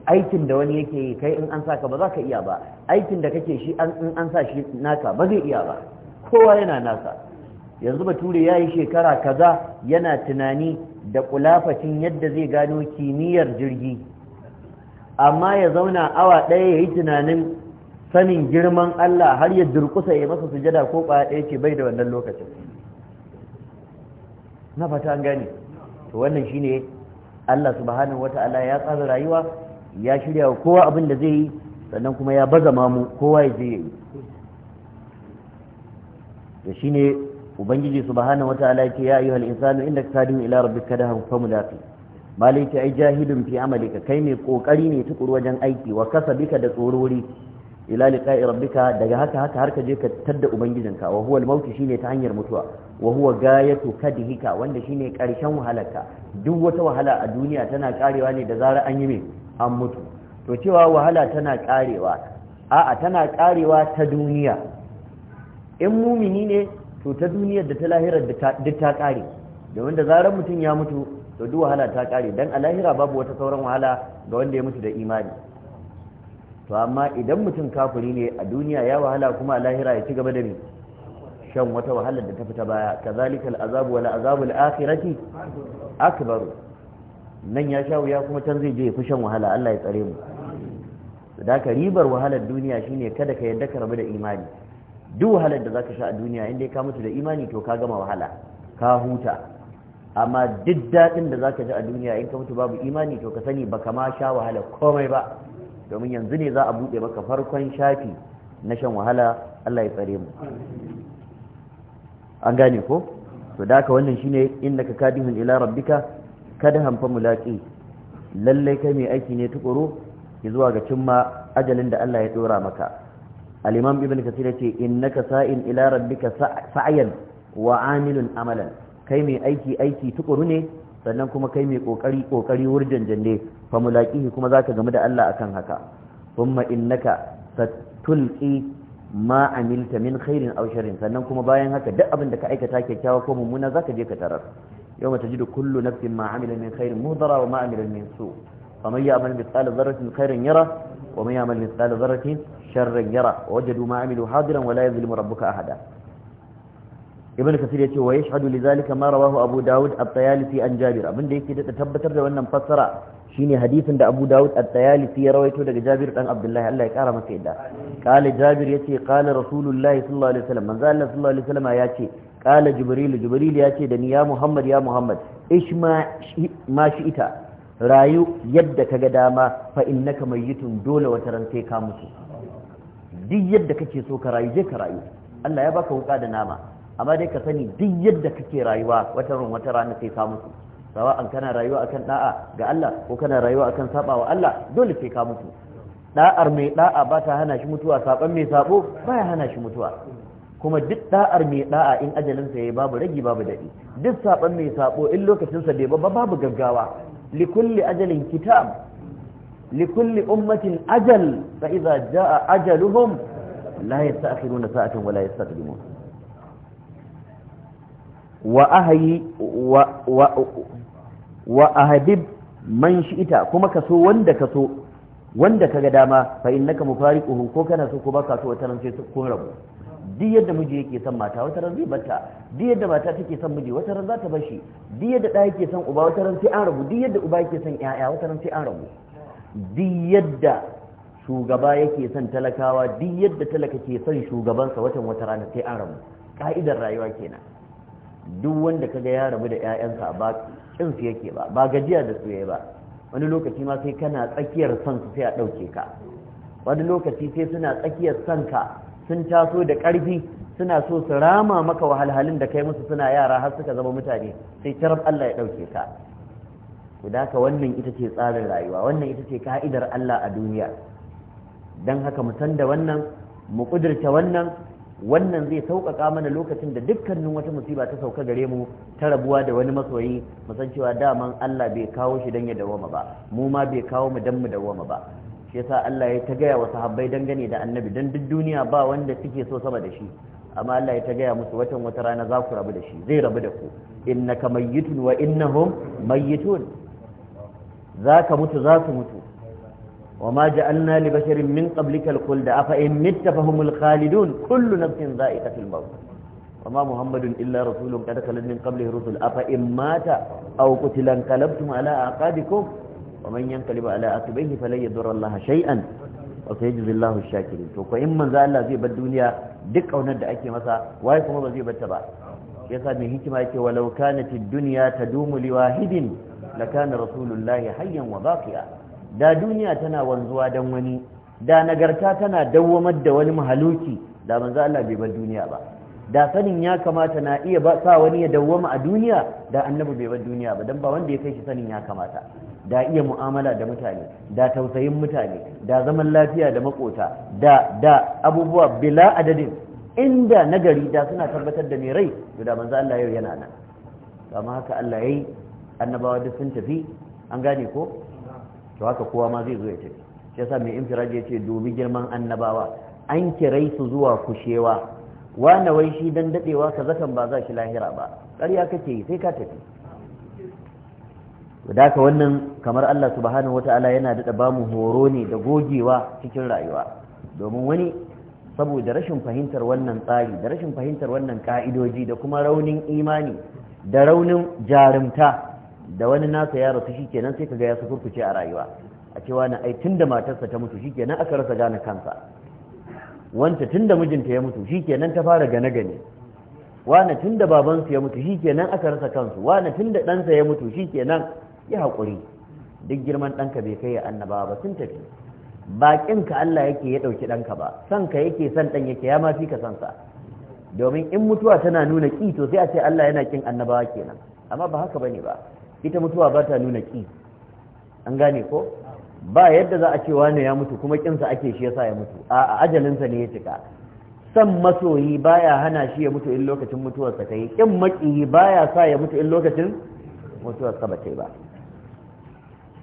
aikin da wani yake yi kai in an saka ba za ka iya ba aikin da kake shi in an sa shi naka ba zai iya ba kowa yana nasa yanzu bature ya yi shekara kaza yana tunani da kulafacin yadda zai gano kimiyyar jirgi amma ya zauna awa ɗaya ya yi tunanin sanin girman Allah har ya durkusa ya masa sujada ko ɓaya ɗaya ce bai da wannan lokacin na fata an to wannan ne Allah subhanahu ya tsara rayuwa ya shirya wa kowa abin da zai yi sannan kuma ya baza mamu kowa ya zai yi da shi ne ubangiji subhanahu wata'ala ya ce ya ayyuhal insanu innaka kadin ila rabbika da famulaqi malai ta ai jahidun fi amalika kai mai kokari ne tukur wajen aiki wa kasabika da tsorori ila liqa'i rabbika daga haka haka har ka je ka tadda ubangijinka wa huwa al-maut shine ta hanyar mutuwa wa huwa gayatu kadhika wanda shine karshen wahalarka duk wata wahala a duniya tana karewa ne da zarar an yi me an mutu to cewa wahala tana karewa a'a tana karewa ta duniya in mumini ne to ta duniyar da ta lahirar duk ta kare da wanda zarar mutum ya mutu to duk wahala ta kare dan a lahira babu wata sauran wahala ga wanda ya mutu da imani to amma idan mutum kafiri ne a duniya ya wahala kuma a lahira ya ci gaba da ni shan wata wahalar da ta fita baya kazalika al'azabu wal azabu al akbaru nan ya sha wuya kuma can zai je ya fi shan wahala Allah ya tsare mu da ka ribar wahalar duniya shine kada ka yadda ka rabu da imani duk wahalar da zaka sha a duniya inda ka mutu da imani to ka gama wahala ka huta amma duk daɗin da za ka ji a duniya in ka mutu babu imani to ka sani baka ma sha wahala komai ba domin yanzu ne za a buɗe maka farkon shafi na shan wahala Allah ya tsare mu an gane ko to da haka wannan shine innaka kadihun ila rabbika kada hanfa mulaki lalle kai mai aiki ne tukuru zuwa ga cimma ajalin da Allah ya dora maka al-imam ibn kathir yace innaka sa'in ila rabbika sa'yan wa amilun amalan kai mai aiki aiki tukuru ne sannan kuma kai mai kokari kokari wurjan janne fa mulaqihi kuma zaka gamu da Allah akan haka thumma innaka satulqi ma amilta min khairin aw sharrin sannan kuma bayan haka duk abin da ka aikata kyakkyawa ko mummuna zaka je ka tarar yawma tajidu kullu nafsin ma amila min khairin muhdara wa ma amila min su faman ya'mal mithqala dharratin khairan yara wa man ya'mal mithqala dharratin sharran yara wajadu ma amilu hadiran wa la yadhlimu rabbuka ahada ibn kasir yace wa yashhadu li zalika ma rawahu abu daud at-tayalisi an jabir abin da yake da tabbatar da wannan fassara shine hadisin da abu daud at-tayalisi ya rawaito daga jabir dan abdullahi Allah ya kara masa yadda qala jabir yace qala rasulullahi sallallahu alaihi wasallam manzo Allah sallallahu alaihi wasallam yace qala jibril jibril yace da ni ya muhammad ya muhammad ishma ma shi ita rayu yadda kaga dama fa innaka mayyitun dole wata ran ka musu duk yadda kake so ka rayu je ka rayu Allah ya baka wuka da nama amma dai ka sani duk yadda kake rayuwa wata ran wata rana sai ka mutu sawa'an kana rayuwa akan da'a ga Allah ko kana rayuwa akan saba wa Allah dole sai ka mutu da'ar mai da'a ba ta hana shi mutuwa saban mai sabo ba ya hana shi mutuwa kuma duk da'ar mai da'a in ajalin sa yayi babu ragi babu dadi duk saban mai sabo in lokacin sa bai ba babu gaggawa likulli ajalin kitab likulli ummatin ajal fa idza jaa ajaluhum la yasta'khiruna sa'atan wa la وأهي و و وأهدب man shi'ita kuma ka so wanda ka so wanda ka ga dama fa innaka mufariquhu ko kana so ko baka so wata ran sai kun rabu duk yadda miji yake son mata wata ran zai bata duk yadda mata take son miji wata ran za ta bar shi duk yadda ɗaya ke son uba wata ran sai an rabu duk yadda uba yake son ƴaƴa wata ran sai an rabu duk yadda shugaba yake son talakawa duk yadda talaka ke son shugabansa watan wata rana sai an rabu ka'idar rayuwa kenan duk wanda ka ga ya rabu da ƴaƴansa ba kin su yake ba ba gajiya da su yayi ba wani lokaci ma sai kana tsakiyar son su sai a dauke ka wani lokaci sai suna tsakiyar son ka sun taso da ƙarfi suna so su rama maka wahalhalun da kai musu suna yara har suka zama mutane sai tarab Allah ya ɗauke ka Ku da haka wannan ita ce tsarin rayuwa wannan ita ce ka'idar Allah a duniya dan haka mu san da wannan mu kudurta wannan wannan zai sauƙaƙa mana lokacin da dukkanin wata musiba ta sauka gare mu ta rabuwa da wani masoyi musan cewa daman Allah bai kawo shi dan ya dawoma ba mu ma bai kawo mu dan mu dawoma ba shi yasa Allah ya ta gaya wa sahabbai dangane da annabi don duk duniya ba wanda suke so sama da shi amma Allah ya ta gaya musu watan wata rana za ku rabu da shi zai rabu da ku innaka mayyitun wa innahum mayyitun ka mutu za su mutu وما جعلنا لبشر من قبلك الخلد أفإن مت فهم الخالدون كل نفس ذائقة الموت وما محمد إلا رسول قد خلت من قبله رسل أفإن مات أو قتل انقلبتم على أعقابكم ومن ينقلب على عقبيه فلن يضر الله شيئا وسيجزي الله الشاكرين to ko in manzo Allah zai bar duniya duk kaunar da ake masa waye kuma ba zai barta ba yasa mai hikima yake walau kanatid dunya tadumu liwahidin lakana rasulullahi hayyan wa baqiya da duniya tana wanzuwa don wani da nagarta tana dawwamar da wani mahaluki da manzo Allah bai bar duniya ba da sanin ya kamata na iya ba sa wani ya dawwama a duniya da annabi bai bar duniya ba dan ba wanda ya kai shi sanin ya kamata da iya mu'amala da mutane da tausayin mutane da zaman lafiya da makota da da abubuwa bila adadin inda nagari da suna tabbatar da mai rai to da manzo Allah yau yana nan amma haka Allah yayi annabawa duk sun tafi an gane ko to haka kowa ma zai zo ya tafi shi yasa mai infiraji ya ce dubi girman annabawa an kirai su zuwa kushewa wani wai shi dan dadewa ka zakan ba za shi lahira ba ƙarya kake yi sai ka tafi da haka wannan kamar Allah subhanahu wata'ala yana daɗa ba mu horo ne da gogewa cikin rayuwa domin wani saboda rashin fahimtar wannan tsari da rashin fahimtar wannan ka'idoji da kuma raunin imani da raunin jarumta da wani nasa ya rasu shikenan sai kaga ya sukurkuce a rayuwa a cewa na ai tunda matarsa ta mutu shikenan aka rasa gane kansa wanta tunda mijinta ya mutu shikenan ta fara gane gane wani tunda babansu ya mutu shikenan aka rasa kansu wani tunda ɗansa ya mutu shikenan ya haƙuri duk girman ɗanka bai kai ya annaba ba sun tafi baƙin ka Allah yake ya ɗauki ɗanka ba san ka yake san ɗan yake ya ma fi ka san sa domin in mutuwa tana nuna ƙi to sai a ce Allah yana kin annabawa kenan amma ba haka bane ba ita mutuwa ba ta nuna ƙi an gane ko ba yadda za a ce wane ya mutu kuma ƙinsa ake shi yasa ya mutu a ajalinsa ne ya cika san masoyi baya hana shi ya mutu in lokacin mutuwarsa ta yi ƙin maƙiyi baya sa ya mutu in lokacin mutuwarsa ba ta yi ba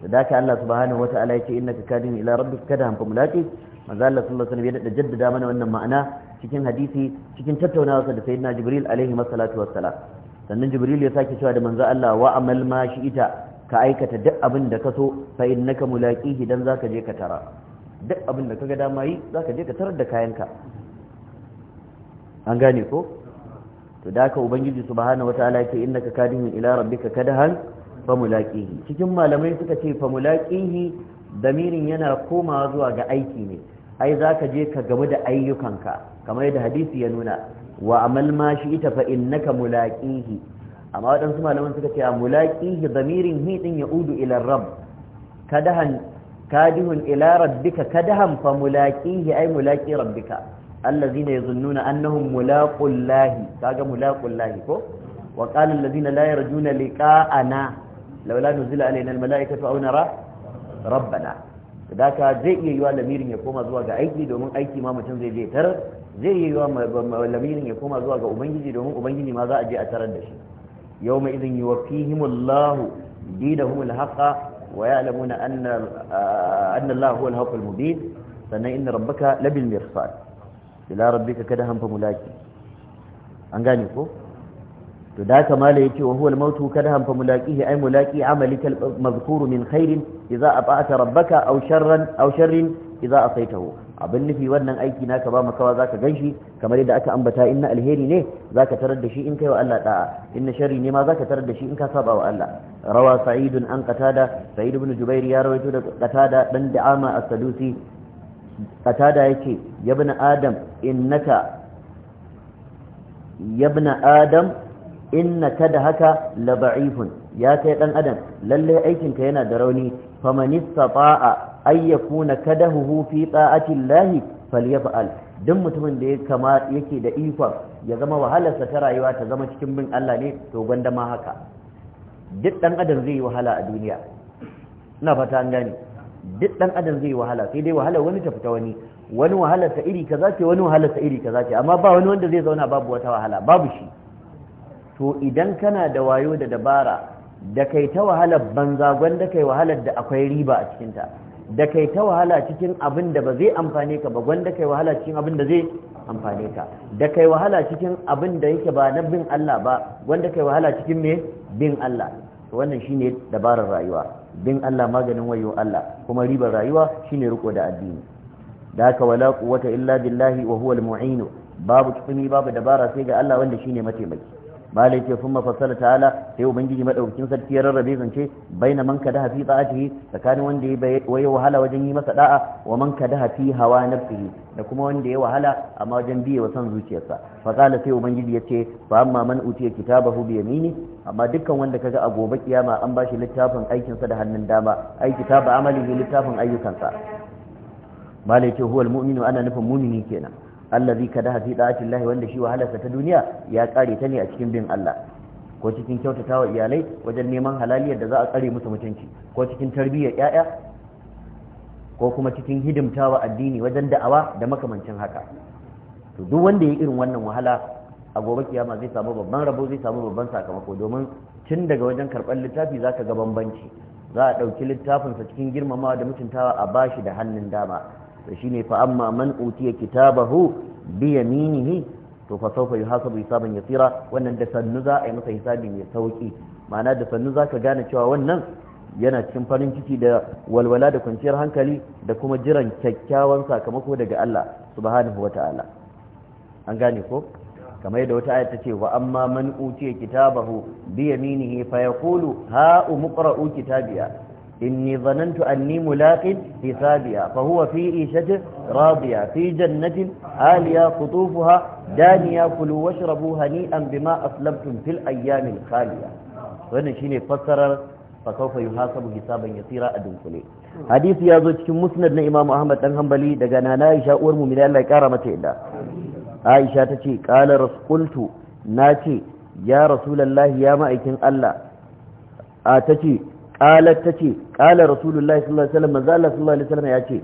da dace Allah subhanahu wata'ala ya ce innaka kadin ila rabbika kada fa mulaqi manzo Allah sallallahu alaihi wasallam ya jaddada mana wannan ma'ana cikin hadisi cikin tattaunawa da sayyidina Jibril alaihi masallatu wassalam sannan jibril ya sake cewa da manzo Allah wa amal ma shi ita ka aikata duk abin da ka so fa innaka mulaqihi dan zaka je ka tara duk abin da kaga dama yi zaka je ka tarar da kayanka an gane ko to da ka ubangiji subhanahu wataala yake innaka kadihun ila rabbika kadahan fa mulaqihi cikin malamai suka ce fa mulaqihi damirin yana komawa zuwa ga aiki ne ai zaka je ka gamu da ayyukanka kamar yadda hadisi ya nuna wa amal ma shi ita fa innaka mulaqihi amma waɗansu malaman suka ce a mulaqihi zamirin hi din yaudu ila rabb kadahan kadihun ila rabbika kadahan fa mulaqihi ay mulaqi rabbika allazina yazunnuna annahum lahi kaga lahi ko wa qala allazina la yarjuna liqa'ana laula nuzila alaina almalaikatu aw nara rabbana da ka zai iya yiwa lamirin ya koma zuwa ga aiki domin aiki ma mutum zai je tar zai yi yiwa lamirin ya koma zuwa ga ubangiji domin ubangiji ma za a je a tarar da shi yau mai izin yi wa fihimullahu dinahumul haqa wa ya'lamuna anna ah, anna Allah huwa al-haqqul mubin sannan inna rabbaka labil mirsad ila rabbika kada hanfa mulaki an gane ko to da kamala yace wa huwa al-mautu kada hanfa mulaqihi ay mulaqi amalika al-madhkuru min khairin idza ata'ata rabbaka aw sharran aw sharrin idza asaytahu abin nufi wannan aiki naka ba kawa zaka ganshi kamar yadda aka ambata inna alheri ne zaka tarar da shi in kai wa Allah da'a inna na sharri ne ma zaka tarar da shi in ka saba wa Allah rawa sa'idun an qatada sa'id ibn jubair ya rawaito da qatada dan da'ama as-sadusi qatada yake ya ibn adam innaka ya ibn adam innaka da haka la da'ifun ya kai dan adam lalle aikinka yana da rauni faman istata'a ay yakuna kadahu fi ta'ati Allah falyaf'al duk mutumin da ya kama yake da ikon ya zama wahalarsa ta rayuwa ta zama cikin bin Allah ne to gwanda ma haka duk dan adam zai yi wahala a duniya ina fata an gane duk dan adam zai yi wahala sai dai wahala wani ta fita wani wani wahalar ta iri kaza ce wani wahalar ta iri kaza ce amma ba wani wanda zai zauna babu wata wahala babu shi to idan kana da wayo da dabara da kai ta wahalar banza gwanda kai wahalar da akwai riba a cikinta da kai ta wahala cikin abin da ba zai amfane ka ba gwanda kai wahala cikin abin da zai amfane ka da kai wahala cikin abin da yake ba na bin Allah ba gwanda kai wahala cikin me bin Allah wannan shine dabarar rayuwa bin Allah maganin wayo Allah kuma ribar rayuwa shine riko da addini da haka wala quwwata illa billahi wa huwal mu'in babu tsumi babu dabara sai ga Allah wanda shine mataimaki malai ce sun ta ala sai ubangiji maɗaukin sarki ya rarrabe zance baina man da hafi ta'atihi tsakanin wanda ya yi wahala wajen yi masa da'a wa man da hafi hawa na nafsihi da kuma wanda ya wahala amma wajen biye wa son zuciyarsa fasala sai ubangiji ya ce fa amma man utiya kitabahu bi yamini amma dukkan wanda kaga a gobe kiyama an bashi littafin aikinsa da hannun dama ai kitaba amalihi littafin ayyukansa malai ce huwal mu'minu ana nufin mumini kenan allazi kadaha fi da'atillahi wanda shi wahalarsa ta duniya ya kare ta ne a cikin bin Allah ko cikin kyautatawa iyalai wajen neman halaliyar da za a kare musu mutunci ko cikin tarbiyyar 'ya'ya ko kuma cikin hidimtawa addini wajen da'awa da makamancin haka to duk wanda ya irin wannan wahala a gobe kiyama zai samu babban rabo zai samu babban sakamako domin tun daga wajen karɓar littafi zaka ga bambanci za a ɗauki littafinsa cikin girmamawa da mutuntawa a bashi da hannun dama to shine fa amma man utiya kitabahu bi yaminihi to fa sawfa yuhasabu hisaban yasira wannan da sannu za a masa hisabi mai sauki ma'ana da sannu za ka gane cewa wannan yana cikin farin ciki da walwala da kwanciyar hankali da kuma jiran kyakkyawan sakamako daga Allah subhanahu wata'ala an gane ko kamar yadda wata ayata ce wa amma man utiya kitabahu bi yaminihi fa yaqulu ha umqra'u kitabiya zanen zanantu anni mulaqin hisabiya fa huwa fi ishati radiya fi jannatin aliya qutufuha daniya kulu washrabu hani'an bima aslabtum fil ayyamil khaliya wannan shine fassarar fa sawfa yuhasabu hisaban yasira adun kule hadisi yazo cikin musnad na Imam ahmad dan hanbali daga nana aisha uwar mu min Allah ya kara mata yadda aisha tace qala na ce. ya rasulullahi ya ma'aikin Allah a tace qalat tace qala rasulullahi sallallahu alaihi wasallam manzo Allah sallallahu alaihi wasallam yace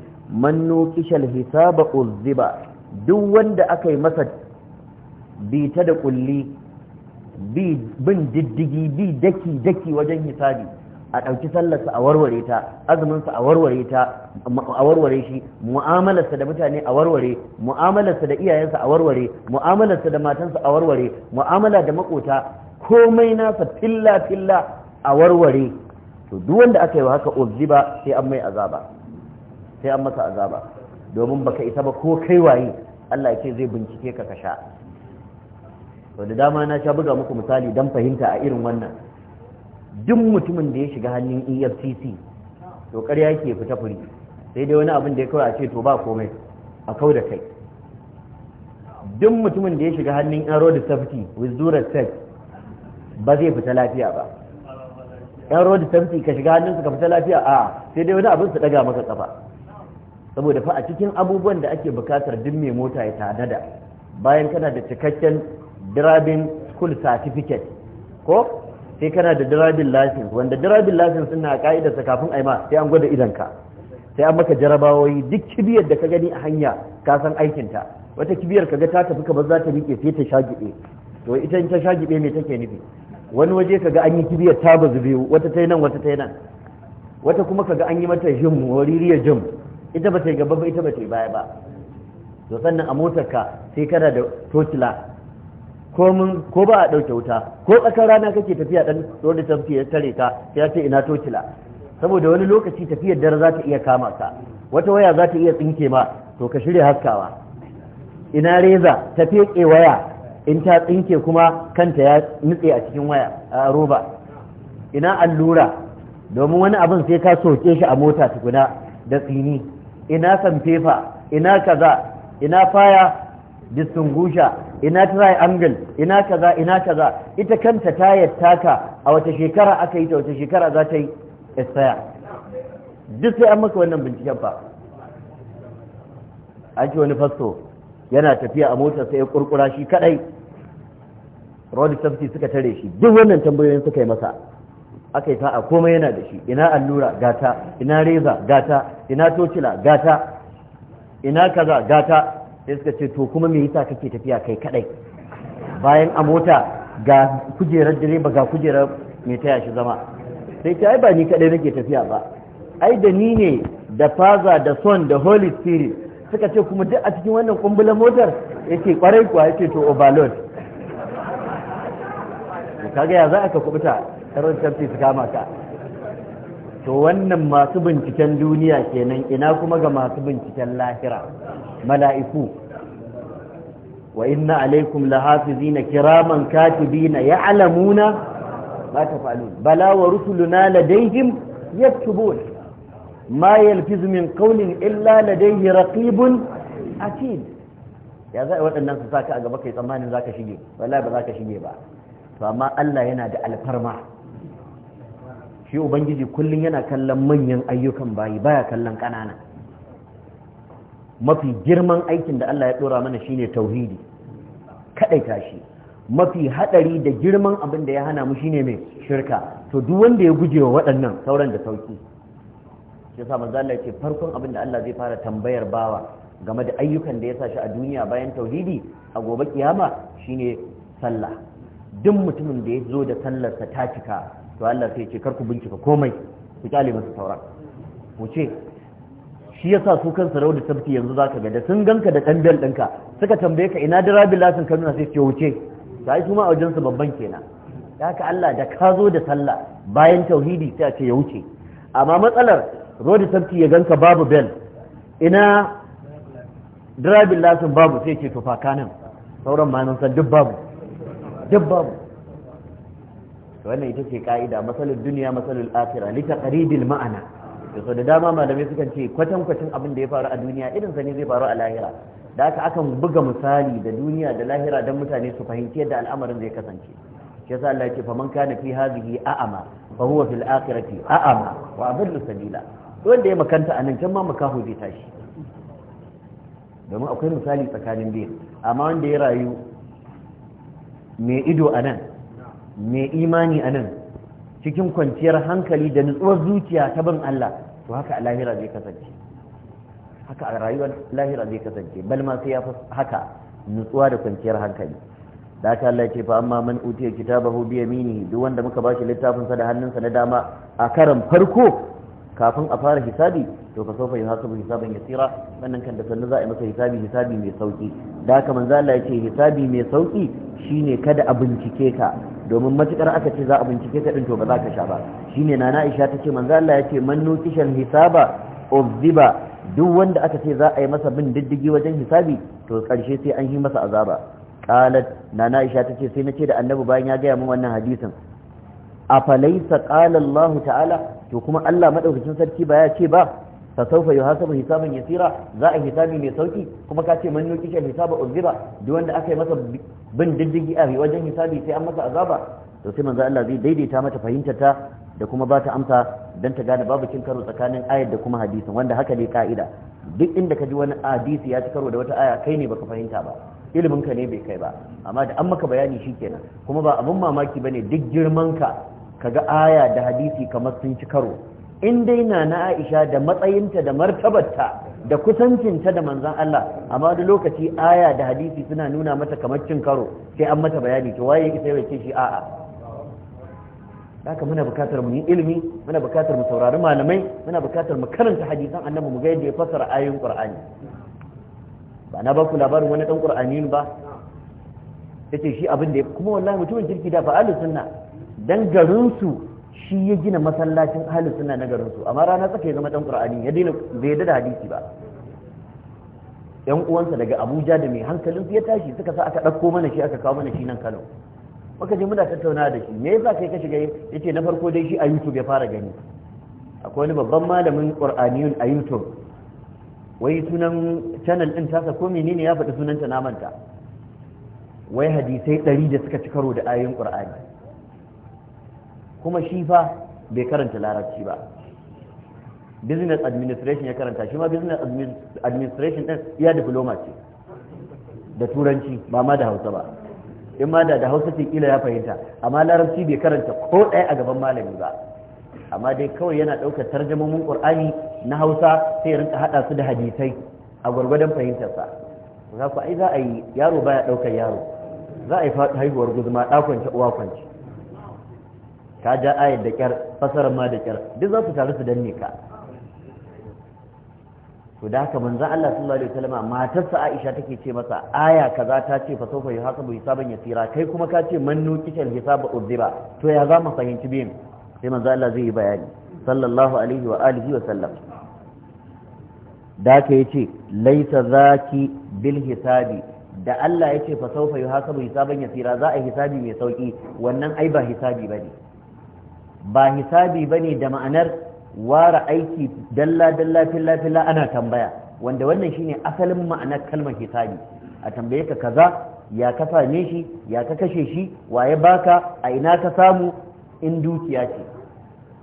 man nuqishal hisaba uzziba duk wanda aka yi masa bi ta bin diddigi bi daki daki wajen hisabi a ɗauki sallarsa a warware ta azuminsa a warware ta a warware shi mu'amalarsa da mutane a warware mu'amalarsa da iyayensa a warware mu'amalarsa da matansa a warware mu'amala da makota komai nasa filla filla a warware to duk wanda aka yi haka uzziba sai an mai azaba sai an masa azaba domin baka isa ba ko kai waye Allah ya ce zai bincike ka kasha to da dama na sha buga muku misali dan fahimta a irin wannan duk mutumin da ya shiga hannun EFCC to ƙarya yake fita furi sai dai wani abin da ya kawo a ce to ba komai a kau da kai duk mutumin da ya shiga hannun yan road safety with zura Tech ba zai fita lafiya ba yan road tafi ka shiga hannunsu ka fita lafiya a sai dai wani abin su daga maka kafa saboda fa a cikin abubuwan da ake bukatar duk mai mota ya tanada bayan kana da cikakken dirabin school certificate ko sai kana da dirabin license wanda dirabin license suna sa kafin a yi ma sai an gwada ka sai an maka jarabawoyi duk kibiyar da ka gani a hanya ka san aikin ta wata kibiyar ka ga ta tafi ka ba za ta miƙe sai ta shagibe to ita ta shagibe me take nufi wani waje kaga an yi kibiyar ta bazu biyu wata ta nan wata ta nan wata kuma kaga an yi mata jim waririyar jim ita ba ta yi gaba ba ita ba ta yi baya ba to sannan a motar ka sai kana da tocila ko mun ko ba a ɗauke wuta ko tsakar rana kake tafiya dan road tafiya ya tare ka sai ya ce ina tocila saboda wani lokaci tafiyar dare za ta iya kama ka wata waya za ta iya tsinke ma to ka shirya haskawa ina reza ta feƙe waya in ta tsinke kuma kanta ya nutse a cikin waya a roba ina allura domin wani abin sai ka soke shi a mota tukuna da tsini ina sanfefa ina kaza ina faya distingusha ina angle ina kaza ina kaza ita kanta tayar taka a wata shekara aka yi ta wata shekara za ta yi expire duk sai an maka wannan binciken fa an ci wani fasto yana tafiya a motar sai ya kurkura shi kadai road safety suka tare shi duk wannan tambayoyin suka yi masa aka yi sa'a komai yana da shi ina allura gata ina reza gata ina tocila gata ina kaza gata sai suka ce to kuma me yasa kake tafiya kai kadai bayan a mota ga kujerar direba ga kujerar mai taya shi zama sai ta ai ba ni kadai nake tafiya ba ai da ni ne da faza da son da holy spirit suka ce kuma duk a cikin wannan kumbulan motar yake kwarai kuwa yake to overload kaga ya za a ka kubuta karon tafi su kama ka to wannan masu binciken duniya kenan ina kuma ga masu binciken lahira mala'iku wa inna alaikum lahafizina kiraman katibina ya'lamuna ma tafa'alun bala wa rusuluna ladaihim yaktubun ma yalfizu min qawlin illa ladayhi raqibun atid ya za waɗannan su saka a gaba kai tsammanin zaka shige wallahi ba zaka shige ba to amma Allah yana da alfarma shi ubangiji kullun yana kallon manyan ayyukan bayi baya kallon kanana mafi girman aikin da Allah ya dora mana shine tauhidi kadai tashi. mafi hadari da girman abin da ya hana mu shine mai shirka to duk wanda ya gujewa waɗannan sauran da sauki shi yasa manzo Allah yake farkon abin da Allah zai fara tambayar bawa game da ayyukan da ya sa shi a duniya bayan tauhidi a gobe kiyama shine sallah duk mutumin da ya zo da sallarsa ta cika to Allah sai ce kar bincika komai ku kyale masa sauran ku ce shi yasa su kansu rawu da tabti yanzu zaka ga da sun ganka da tambayar ɗinka suka tambaye ka ina dirabil lasin kanuna sai ce wuce sai kuma a wajen su babban kenan haka Allah da ka zo da sallah bayan tauhidi sai a ce ya wuce amma matsalar rodi tafki ya ganka babu bel ina driving lasin babu sai ce tufa nan sauran manan san duk babu duk babu wannan ita ce ka'ida masalul duniya masalul akhirah li taqribil ma'ana to da dama malamai sukan ce kwatan kwatan abin da ya faru a duniya irin sa ne zai faru a lahira da haka akan buga misali da duniya da lahira don mutane su fahimci yadda al'amarin zai kasance shi yasa Allah ya ce faman kana fi hadhihi a'ama fa huwa fil akhirati a'ama wa adallu sabila wanda ya makanta a nan can ma zai tashi domin akwai misali tsakanin biyu amma wanda ya rayu mai ido a nan mai imani a nan cikin kwanciyar hankali da nutsuwar zuciya ta bin Allah to haka a lahira zai kasance haka a rayuwar lahira zai kasance bal ma sai ya fi haka nutsuwa da kwanciyar hankali da aka Allah ce fa amma man utiya kitabahu bi yaminihi duk wanda muka bashi littafin sa da hannunsa na dama a karan farko kafin a fara hisabi to fa sofa yuhasabu hisaban yasira wannan kan da sannu za a yi masa hisabi hisabi mai sauki da haka manzo Allah yake hisabi mai sauki shine kada a bincike ka domin matukar aka ce za a bincike ka din to ba za ka sha ba shine nana Aisha tace manzo Allah yace man nutishan hisaba uzziba duk wanda aka ce za a yi masa bin diddigi wajen hisabi to karshe sai an yi masa azaba qalat nana Aisha tace sai nace da annabi bayan ya gaya mun wannan hadisin afalaisa qala Allah ta'ala to kuma Allah madaukakin sarki ba ya ce ba fa sawfa yuhasabu hisaban yasira za a hisabi mai sauki kuma ka ce man yuki hisaba uzziba duk wanda aka yi masa bin diddigi a wajen hisabi sai an masa azaba to sai manzo Allah zai daidaita mata fahimtarta ta da kuma ba ta amsa dan ta gane babu cin karo tsakanin ayat da kuma hadisin wanda haka ne ka'ida duk inda ka ji wani hadisi ya ci karo da wata aya kai ne baka fahimta ba ilimin ka ne bai kai ba amma da an maka bayani shikenan kuma ba abun mamaki bane duk girman ka kaga aya da hadisi kamar sun ci karo in dai na na Aisha da matsayinta da martabarta da kusancinta da manzon Allah amma da lokaci aya da hadisi suna nuna mata kamar cin karo sai an mata bayani to waye ki ya ce shi a'a haka muna bukatar mu yi ilimi muna bukatar mu saurari malamai muna bukatar mu karanta hadisan annabi mu ga yadda ya fasara ayoyin qur'ani ba na ba ku labarin wani dan qur'ani ba yace shi abin da kuma wallahi mutumin kirki da fa'alu sunna dan garinsu shi ya gina masallacin ahli sunna na garinsu amma rana tsaka ya zama dan qur'ani ya dina bai yadda da hadisi ba yan uwansa daga Abuja da mai hankalin su ya tashi suka sa aka dauko mana shi aka kawo mana shi nan Kano muka je muna tattauna da shi me yasa kai ka shiga yace na farko dai shi a YouTube ya fara gani akwai wani babban malamin qur'aniyun a YouTube wai sunan channel din tasa ko menene ya faɗi sunanta na manta wai hadisai ɗari da suka ci karo da ayoyin qur'ani kuma shi fa bai karanta larabci ba business administration ya karanta shi ma business administration ɗin iya diploma ce da turanci ba ma da hausa ba in ma da hausa ce kila ya fahimta amma larabci bai karanta ko ɗaya a gaban malami ba amma dai kawai yana ɗaukar tarjamomin ƙur'ani na hausa sai ya rinka haɗa su da hadisai a gwargwadon fahimtarsa za ku ai za a yi yaro baya ɗaukar yaro za a yi haihuwar guzuma ɗa uwa kwance ka ja ayar da kyar fasarar ma da kyar duk za su taru su danne ka to da haka manzo Allah sallallahu alaihi wasallam matarsa Aisha take ce masa aya kaza ta ce fa sofa yuhasabu hisaban yasira kai kuma ka ce man nuqishal hisaba uzira to ya za mu fahimci bin sai manzo Allah zai yi bayani sallallahu alaihi wa alihi wa sallam da ka yace laisa zaki bil hisabi da Allah yace fa sofa yuhasabu hisaban yasira za a hisabi mai sauki wannan ai ba hisabi bane ba hisabi bane da ma'anar ware aiki dalla dalla filla filla ana tambaya wanda wannan shine asalin ma'anar kalmar hisabi a tambaye ka kaza ya ka same shi ya ka kashe shi waye baka a ina ka samu in dukiya ce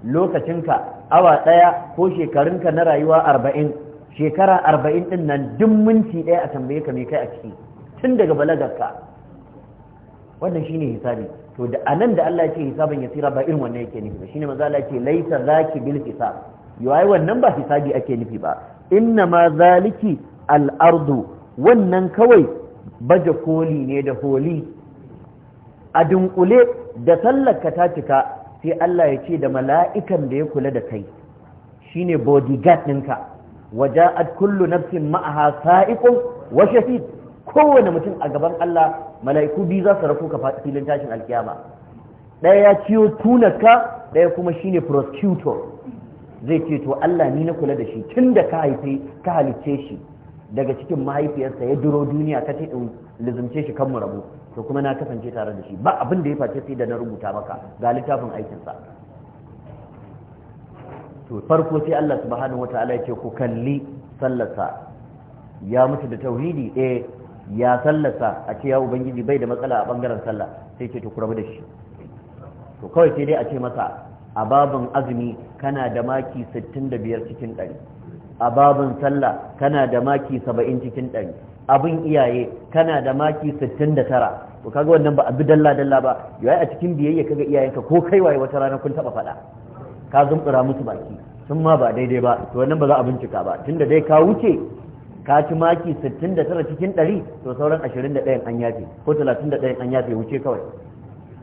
lokacinka awa ɗaya ko shekarunka na rayuwa arba'in shekara arba'in ɗin nan duk minti ɗaya a tambaye ka me kai a ciki tun daga balagarka wannan shine hisabi to da anan da Allah ya ce hisaban yasira ba irin wannan yake nufi ba shine manzo Allah ya laisa zaki bil hisab yayi wannan ba hisabi ake nufi ba inna ma zaliki al ardu wannan kawai baje koli ne da holi a dunkule da sallarka ta cika sai Allah ya ce da mala'ikan da ya kula da kai shine bodyguard ɗinka waja'at kullu nafsin ma'aha sa'iqun wa shahid kowane mutum a gaban Allah mala'iku biyu za su rako ka filin tashin alkiyama ɗaya ya ciyo tunaka ɗaya kuma shine prosecutor zai ce to Allah ni na kula da shi tun da ka haife ka halicce shi daga cikin mahaifiyarsa ya duro duniya ka ce in lizumce shi kan mu rabu to kuma na kasance tare da shi ba abin da ya face sai da na rubuta maka ga littafin aikinsa to farko sai Allah subhanahu wataala ya ce ku kalli sallarsa ya mutu da tauhidi eh ya sallasa a ce ya ubangiji bai da matsala a bangaren sallah sai ce to da shi to kawai sai dai a ce masa a babin azumi kana da maki 65 cikin 100 a babin sallah kana da maki 70 cikin 100 abin iyaye kana da maki 69 to kaga wannan ba bi dalla dalla ba yayi a cikin biyayya kaga iyayenka ko kai waye wata rana kun taba fada ka zumbura musu baki sun ma ba daidai ba to wannan ba za a bincika ba tunda dai ka wuce ka ci maki 69 cikin 100 to sauran 21 an yafe ko 31 an yafe wuce kawai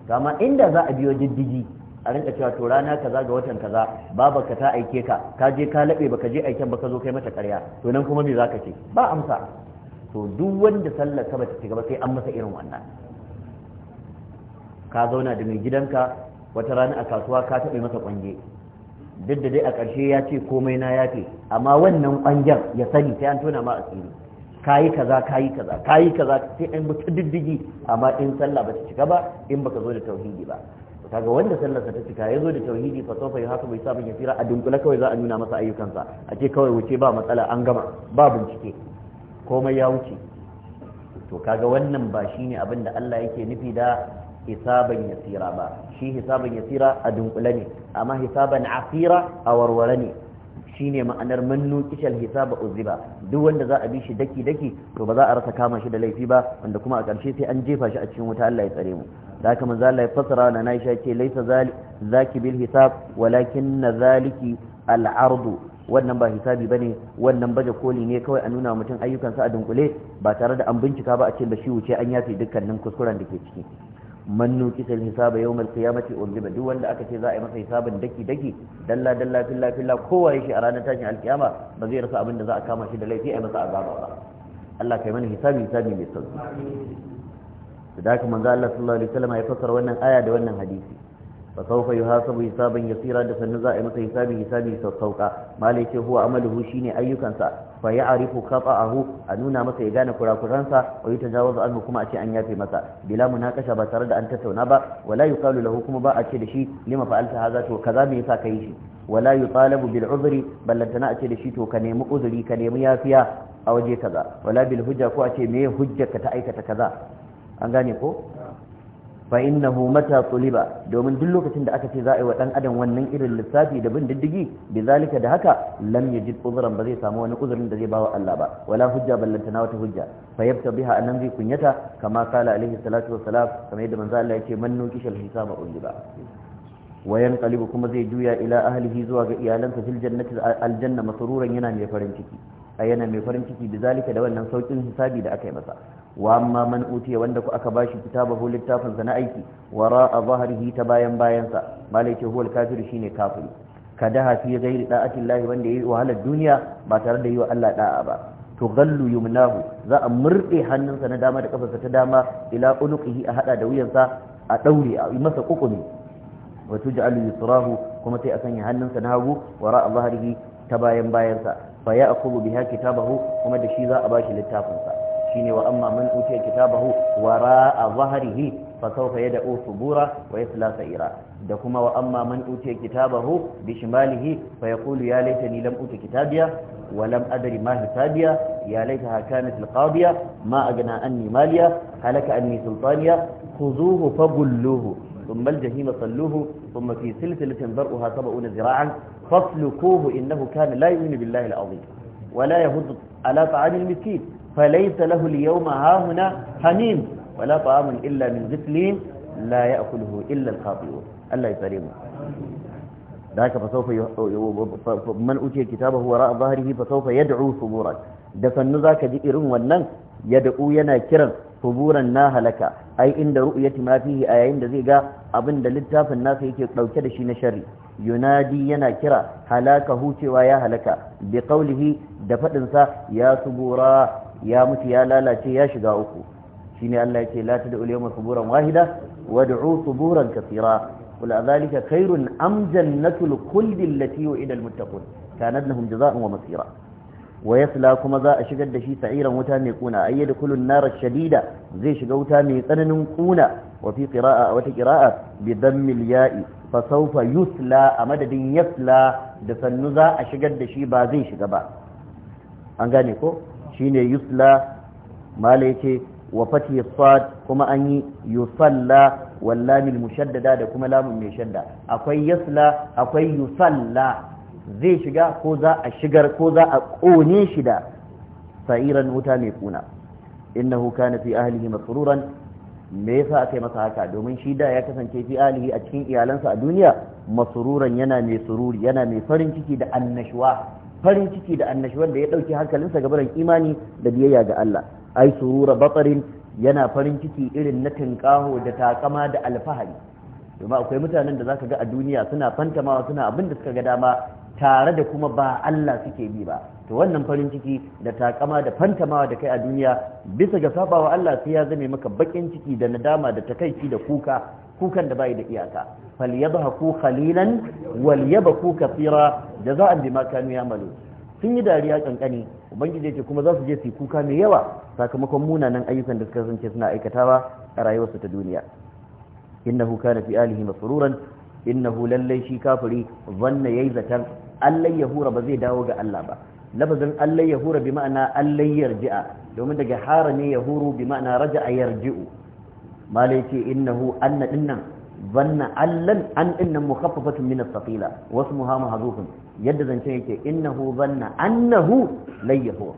kama inda za a biyo diddigi a rinka cewa to rana kaza ga watan kaza baba ka ta aike ka ka je ka labe ka je aiken ka zo kai mata karya to nan kuma me za ka ce ba amsa to duk wanda sallar ka ta ci gaba sai an masa irin wannan ka zauna da mai gidanka wata rana a kasuwa ka taɓa masa kwanje duk da dai a ƙarshe ya ce komai na ya yafe amma wannan ɓangen ya sani sai an tona ma a Ka kayi kaza kayi kaza kayi kaza sai an mutu diddigi amma in sallah ba ta cika ba in baka zo da tauhidi ba kaga wanda sallarsa ta cika ya zo da tauhidi fa sofa haka bai sabon ya tsira a dunkule kawai za a nuna masa ayyukansa a ce kawai wuce ba matsala an gama ba bincike komai ya wuce to kaga wannan ba shine abin da Allah yake nufi da isaban yasira ba shi hisaban yasira a dunkule ne amma hisaban asira a warware ne shine ma'anar mannu kishal hisaba uziba duk wanda za a bi shi daki daki to ba za a rasa kama shi da laifi ba wanda kuma a ƙarshe sai an jefa shi a cikin wuta Allah ya tsare mu da haka manzo Allah ya fasara na Aisha ce laisa zaki bil hisab walakin zaliki al ardu wannan ba hisabi bane wannan baje koli ne kawai a nuna mutum ayyukansa a dunkule ba tare da an bincika ba a ce da shi wuce an yafe dukkanin kuskuren da ke ciki Mannu nukisa hisaba yawmal qiyamati ulziba duk wanda aka ce za a yi masa hisabin daki daki dalla dalla filla filla kowa ya shi a ranar tashin alkiyama ba zai rasa abin da za a kama shi da laifi a masa azaba ba Allah kai mana hisabi hisabi mai sauki da haka manzo Allah sallallahu alaihi wasallam ya fassara wannan aya da wannan hadisi fa sawfa yuhasabu hisaban yasira da sannu za a yi masa hisabi hisabi sassauka malai ce huwa amaluhu shine ayyukansa fa ya'rifu khata'ahu a nuna masa ya gane kurakuransa wa yatajawazu anhu kuma a ce an yafe masa bila munakasha ba tare da an tattauna ba wala yuqalu lahu kuma ba a ce da shi lima fa'alta hadha to kaza me yasa kai shi wala yutalabu bil uzri ballatana a ce da shi to ka nemi uzuri ka nemi yafiya a waje kaza wala bil hujja ko a ce me hujja ka ta aikata kaza an gane ko fa innahu mata tuliba domin duk lokacin da aka ce za a yi wa dan adam wannan irin lissafi da bin diddigi bi zalika da haka lam yajid uzran ba zai samu wani uzurin da zai bawa Allah ba wala hujja na wata hujja fa yabta biha anan zai kunyata kama kala alaihi salatu wassalam kamar yadda manzo Allah yake man nukishal hisaba uliba wa yanqalibu kuma zai juya ila ahlihi zuwa ga iyalansa fil jannati aljanna masruran yana mai farin ciki a yana mai farin ciki da zalika da wannan saukin hisabi da aka yi masa wa amma man utiya wanda ku aka bashi kitabahu littafin sa na aiki wara a zahrihi ta bayan bayan sa malai ce huwal kafir shine kafiri kadaha fi ghairi da'ati Allah wanda yayi wahalar duniya ba tare da yi wa Allah da'a ba to gallu yumnahu za a murde hannunsa na dama da kafarsa ta dama ila uluqihi a hada da wuyansa a daure a yi masa kukumi wa tuj'alu yusrahu kuma sai a sanya hannunsa na hagu wara a zahrihi ta bayan bayansa fa ya'khudhu biha kitabahu kuma da shi za a bashi littafinsa shine wa amma man utiya kitabahu wara'a zahrihi fa sawfa yad'u subura wa yasla sa'ira da kuma wa amma man utiya kitabahu bi shimalihi fa yaqulu ya laitani lam uti kitabiya wa lam adri ma hisabiya ya laitaha kanat alqadiya ma aghna anni maliya halaka anni sultaniya khuzuhu fagulluhu ثم الجحيم صلوه ثم في سلسلة ذرؤها سبعون ذراعا فاسلكوه إنه كان لا يؤمن بالله العظيم ولا يهد على طعام المسكين فليس له اليوم هاهنا حميم ولا طعام إلا من غسلين لا يأكله إلا الخاطئون الله يسلمه ذاك فسوف ي... من أوتي كتابه وراء ظهره فسوف يدعو ثبورا دفن ذاك ذئر ونن يدعو ينا كرا ثبورا ناها لك أي عند رؤية ما فيه أي عند ذيقا أبن دلتاف الناس يكي لو كدشي نشري ينادي ينا كرا هلاك هوتي ويا هلك بقوله دفتنسا يا ثبورا ya mutu ya lalace ya shiga uku shine Allah yake la tad'u da yawma suburan wahida wad'u suburan kathira qul adhalika khairun am jannatul khuldi allati yu'ida al kanat lahum jazaa'un wa masira wa yasla kuma za a shigar da shi sa'iran wuta mai kuna ay yadkhulu an-nar ash-shadida zai shiga wuta mai tsananin kuna wa fi qira'a wa ta qira'a bi yai fa sawfa yusla a madadin yasla da sannu za a shigar da shi ba zai shiga ba an gane ko shine yusla malai ce wa fati sad kuma an yi yusalla wallamil mushaddada da kuma lamun mai shadda akwai yasla akwai yusalla zai shiga ko za a shigar ko za a kone shi da sa'iran wuta mai kuna innahu kana fi ahlihi masruran me yasa aka yi masa haka domin shi da ya kasance fi ahlihi a cikin iyalansa a duniya masruran yana mai sururi yana mai farin ciki da annashuwa farin ciki da annashi wanda ya ɗauki hankalinsa ga barin imani da biyayya ga Allah ai surura batsarin yana farin ciki irin na tinkaho da takama da alfahari domin akwai mutanen da zaka ga a duniya suna fantamawa suna abin da suka ga dama tare da kuma ba Allah suke bi ba to wannan farin ciki da takama da fantamawa da kai a duniya bisa ga sabawa Allah sai ya zame maka bakin ciki da nadama da takaici da kuka kukan da bai da iyaka falyadhaku khalilan walyabku kathira jaza'an bima kanu ya'malu sun yi dariya kankani ubangiji ce kuma za su je su kuka mai yawa sakamakon munanan ayyukan da suka kasance suna aikatawa a rayuwarsu ta duniya innahu kana fi alihi masruran innahu lallai shi kafiri zanna yayi zatan Allah ya hura ba zai dawo ga Allah ba lafazin Allah ya hura bi ma'ana Allah yarji'a domin daga hara ne ya huru bi ma'ana raja'a yarji'u malai ce innahu anna dinnan zanna allan an dinnan mukhaffafatun min as-saqila wasmuha mahzufun yadda zance yake innahu zanna annahu lan yahur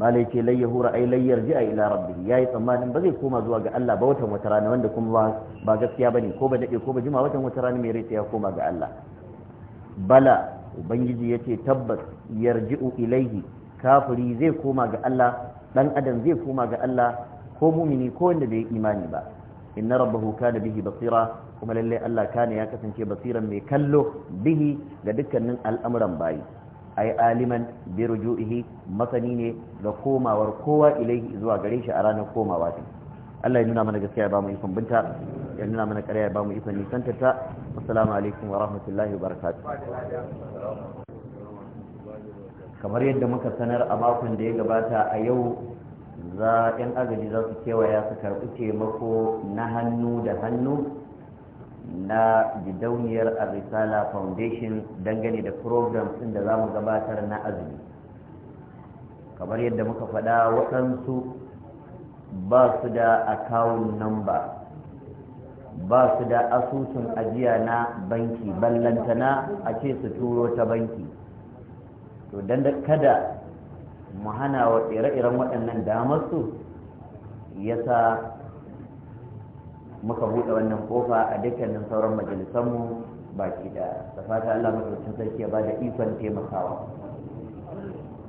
malai ce lan yahur ay lan yarji'a ila rabbih yayi tsammanin ba zai koma zuwa ga Allah ba watan wata rana wanda kuma ba gaskiya bane ko ba dade ko ba juma watan wata rana mai rai ya koma ga Allah bala ubangiji ya ce tabbas yarji'u ilaihi kafiri zai koma ga Allah dan adam zai koma ga Allah ko mumini ko wanda bai imani ba inna rabbahu kana bihi basira kuma lalle Allah kana ya kasance basiran mai kallo bihi ga dukkanin al'amuran bayi ai aliman bi ruju'ihi masani ne ga komawar kowa ilaihi zuwa gare shi a ranar komawa ta. Allah ya nuna mana gaskiya ya ba mu ikon binta ya nuna mana ƙarya ba mu ikon nisanta ta assalamu alaikum wa rahmatullahi wa barakatuh kamar yadda muka sanar a makon da ya gabata a yau za yan agaji za su kewaya su karɓi taimako na hannu da hannu na gidauniyar arisala foundation dangane da program ɗin da za mu gabatar na azumi kamar yadda muka faɗa waɗansu ba su da akawun namba ba su da asusun ajiya na banki ballantana a ce su turo ta banki to don kada mu hana wa ire-iren waɗannan damar su sa muka buɗe wannan ƙofa a dukkanin sauran majalisanmu baki da da fata Allah madaukakin sarki ya ba da ikon taimakawa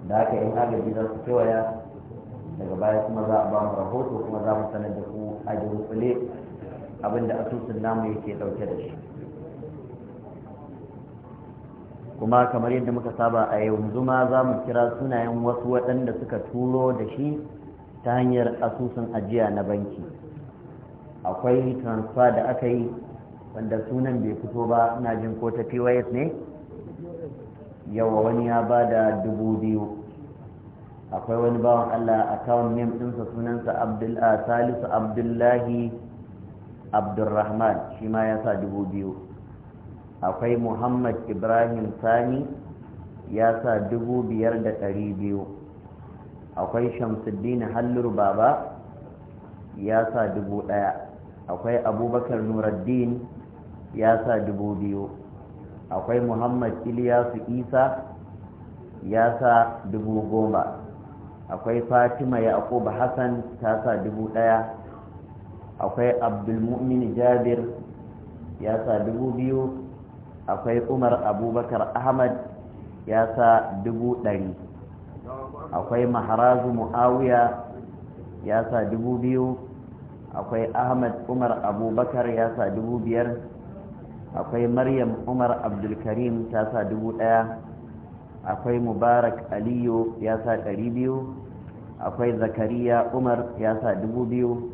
da haka yin agaji za su kewaya daga baya kuma za a ba mu rahoto kuma za mu sanar da ku a abinda asusun namu yake dauke da shi kuma kamar yadda muka saba a yau, zuma za mu kira sunayen wasu waɗanda suka turo da shi ta hanyar asusun ajiya na banki akwai transfer da aka yi wanda sunan bai fito ba ina jin ko ta pos ne yawa wani ya ba da dubu biyu akwai wani bawan Allah a kawun name ɗinsa sunansa Salisu Abdullahi Abdulrahman shi ma ya sa dubu biyu akwai Muhammad Ibrahim Sani ya sa dubu biyar da ɗari biyu akwai Shamsuddin Hallur Baba ya sa dubu ɗaya akwai Abubakar Nuraddin ya sa dubu biyu akwai Muhammad Iliyasu Isa ya sa dubu goma akwai fatima yaqub hassan ta sa dubu ɗaya akwai abdulmumin jabir ya sa dubu biyu akwai umar abubakar ahmad ya sa dubu ɗari akwai maharazu mu'awiya ya sa dubu biyu akwai ahmad umar abubakar ya sa dubu biyar akwai maryam umar abdulkarim ta sa dubu ɗaya akwai mubarak aliyu ya sa ɗari biyu akwai zakariya umar ya sa dubu biyu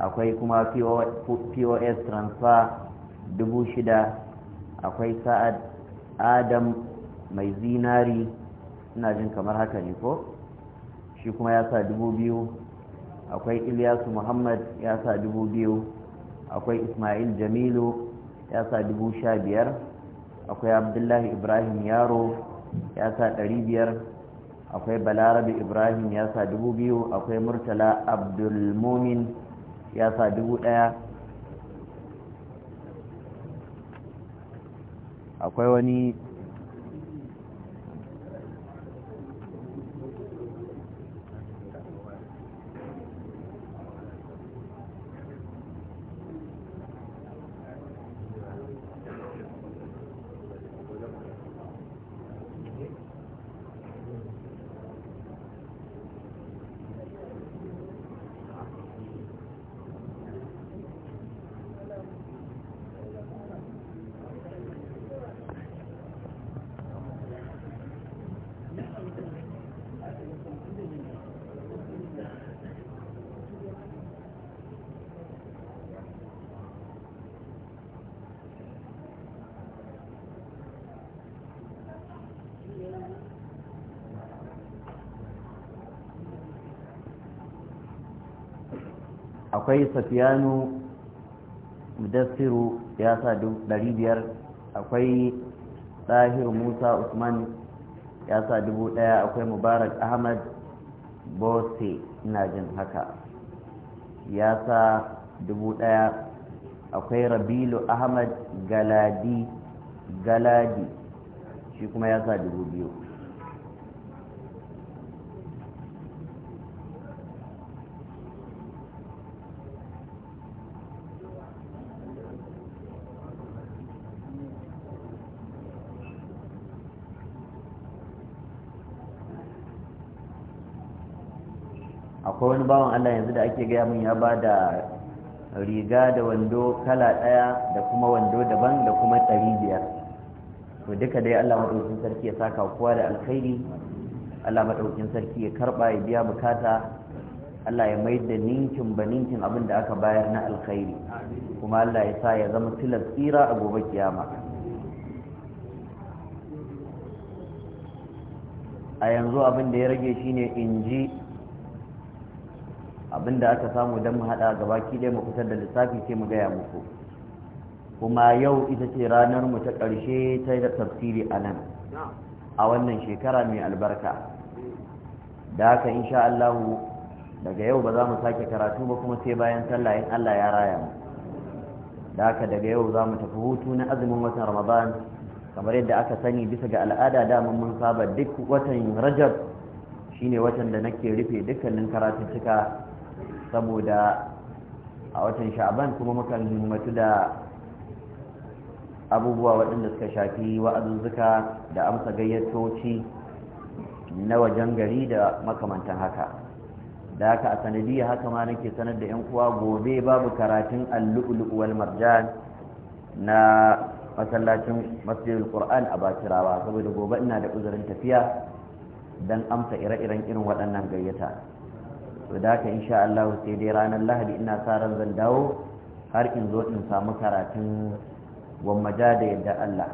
akwai kuma pos transfer dubu shida akwai sa'ad adam mai zinari ina jin kamar haka ne ko shi kuma ya sa dubu biyu akwai ilyasu muhammad ya sa dubu biyu akwai ismail jamilu ya sa dubu sha biyar akwai abdullahi ibrahim yaro ya sa ɗari biyar akwai balarabe ibrahim ya sa dubu biyu akwai murtala abdulmumin ya sa dubu ɗaya akwai wani akwai safiyanu mudassiru ya sa ɗari biyar akwai tsahir musa usman ya sa dubu ɗaya akwai mubarak ahmad bose ina jin haka ya sa dubu ɗaya akwai rabilu ahmad galadi galadi shi kuma ya sa dubu biyu akwai wani bawan Allah yanzu da ake gaya mun ya ba da riga da wando kala ɗaya da kuma wando daban da kuma ɗari biyar to duka dai Allah maɗaukin sarki ya saka kowa da alkhairi Allah maɗaukin sarki ya karɓa ya biya bukata Allah ya mai da ninkin ba ninkin abin da aka bayar na alkhairi kuma Allah ya sa ya zama tilas tsira a gobe kiyama a yanzu abin da ya rage shine in ji Abin da aka samu don mu haɗa gaba ki dai mu fitar da lissafi sai mu gaya muku kuma yau ita ce ranar mu ta ƙarshe ta da tafsiri a nan a wannan shekara mai albarka da haka insha Allah daga yau ba za mu sake karatu ba kuma sai bayan sallah in Allah ya raya mu da haka daga yau za mu tafi hutu na azumin watan ramadan kamar yadda aka sani bisa ga al'ada da mun saba duk watan rajab shine watan da nake rufe dukkanin karatuttuka saboda a watan sha'aban kuma mukan himmatu da abubuwa waɗanda suka shafi wa'azuzzuka da amsa gayyatoci na wajen gari da makamantan haka da haka a sanadiyya haka ma nake sanar da 'yan kuwa gobe babu karatun allu'ulu'u wal marjan na masallacin masjidul qur'an a bakirawa saboda gobe ina da uzurin tafiya don amsa ire-iren irin waɗannan gayyata to da ka insha Allah sai dai ranar Lahadi ina sa ran zan dawo har in zo in samu karatun gwammaja da yadda Allah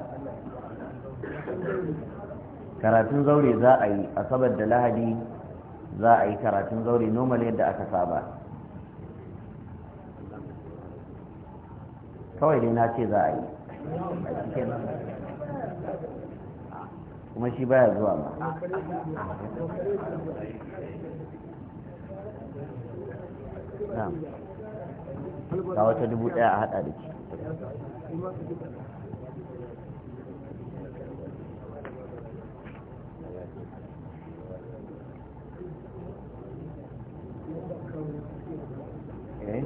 karatun zaure za a yi asabar da Lahadi za a yi karatun zaure normal yadda aka saba kawai dai na ce za a yi kuma shi baya zuwa ba ga wata dubu ɗaya a haɗa da ke eh?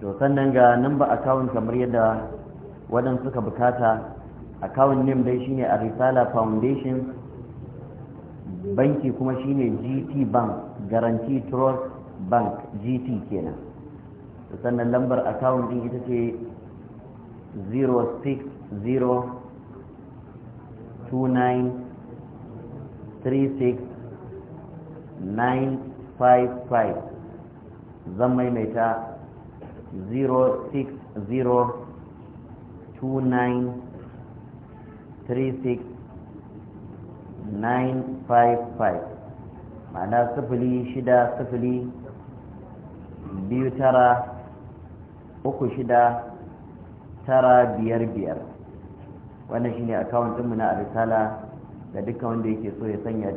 to sannan ga number account kamar yadda waɗanda suka bukata account name dai shine a risala foundation banki kuma shine gt bank guarantee trust bank gt kenan sannan lambar account din ita ce 0602936955 zan maimaita 0602936955 ma'ana sifili shida sifili biyu tara uku shida tara biyar biyar wannan shine akawun ɗinmu na arisala da dukkan wanda yake so ya sanya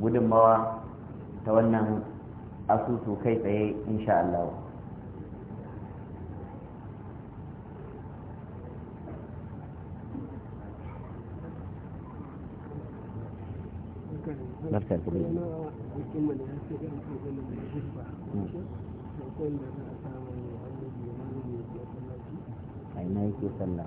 gudunmawa ta wannan asusu kai tsaye insha Allah a ina yake sallah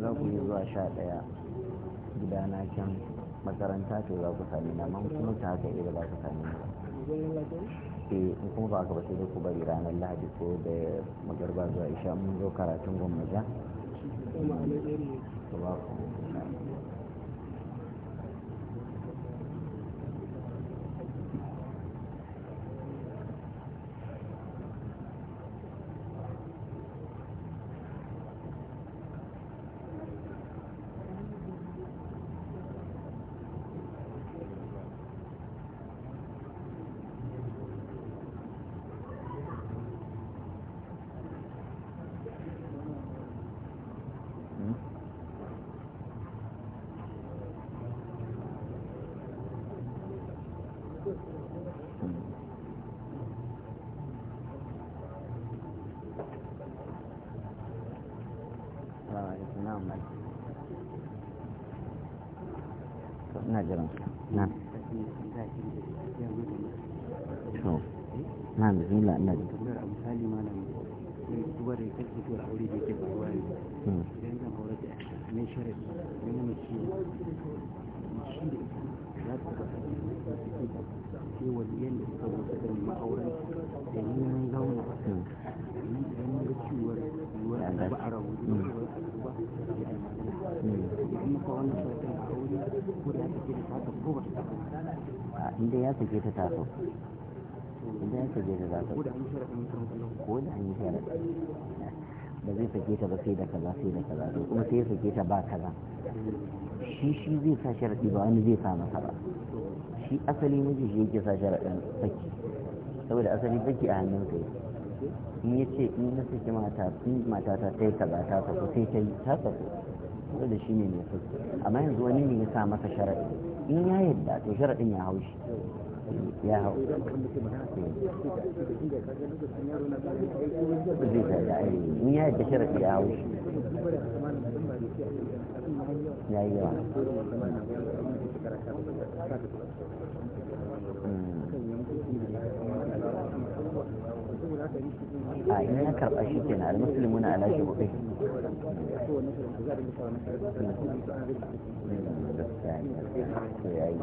za ku yi zuwa sha ɗaya gidana can makaranta to za ku sami na man kuma ta haka iya za ku sami na in kuma ba ka ba sai ku bari ranar lahadi ko da magarba zuwa isha mun zo karatun gwamnati ba ku to na bismillah kamar a misali malam da kan fitowar aure da yake faruwa ne hmm. idan zan aure da ne ne shi za ta da suka wuce da ma'auran da hmm. idan ga ciwar a hmm. ba a a ya yi magana idan a aure ko da ya take da ko ba ta inda ya take ta taso idan ya sake za zaka ko da an yi sharaɗi ba zai sake ta ba sai da kaza sai da kaza to kuma sai ya sake ta ba kaza shi shi zai sa sharaɗi ba wani zai sa masa ba shi asali miji shi yake sa sharaɗin saki saboda asali baki a hannun kai in ya ce in na saki mata in matata ta yi kaza ta saku sai ta yi ta saku. saboda shi ne mai saki amma yanzu wani ne ya sa masa sharaɗi in ya yadda to sharaɗin ya haushi ya hau in ya yadda sharafi ya hau ya yi yawa a in ya karɓa shi ke na almusulmi na alashi kuɗi gaskiya ne to ya yi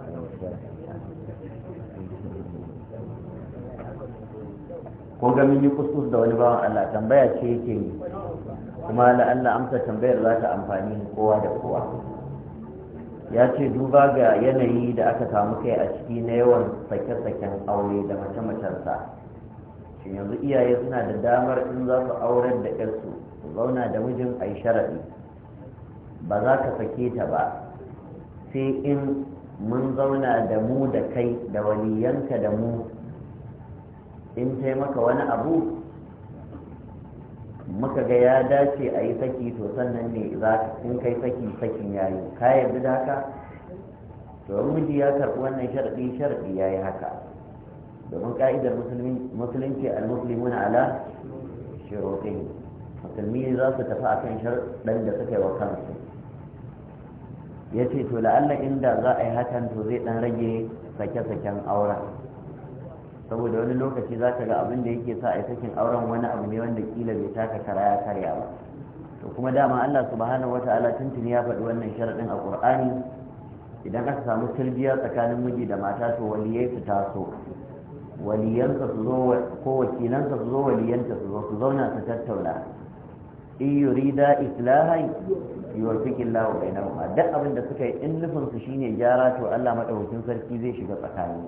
ko ga mun yi kuskus da wani bawan Allah tambaya ce yake ni. kuma la Allah amsa tambayar za ta amfani kowa da kowa ya ce duba ga yanayi da aka samu kai a ciki na yawan sake-saken aure da mace-macensa shi yanzu iyaye suna da damar in za su aurar da yarsu su zauna da mijin a yi ba za ka sake ta ba sai in mun zauna da mu da kai da waliyanka da mu in ta maka wani abu muka ga ya dace a yi saki to sannan ne za in kai saki sakin ya yi ka yarda da haka to miji ya karɓi wannan sharaɗi sharaɗi ya yi haka domin ka'idar musulunci al-muslimuna ala shirokin musulmi za su tafi a kan sharɗan da suka yi wa kansu ya ce to la'alla inda za a yi hakan to zai ɗan rage sake-saken auren saboda wani lokaci za ka ga abin da yake sa a sakin auren wani abu ne wanda kila bai taka kara ya karya ba to kuma dama Allah subhanahu wataala tuntuni ya faɗi wannan sharaɗin a Qur'ani idan aka samu tarbiyya tsakanin miji da mata to waliyai su taso waliyansa su zo ko wakilansa su zo waliyanta su zo su zauna su tattauna in yurida islahan yuwaffiqu Allahu bainahuma duk abin da suka yi in nufin su shine gyara to Allah madaukakin sarki zai shiga tsakani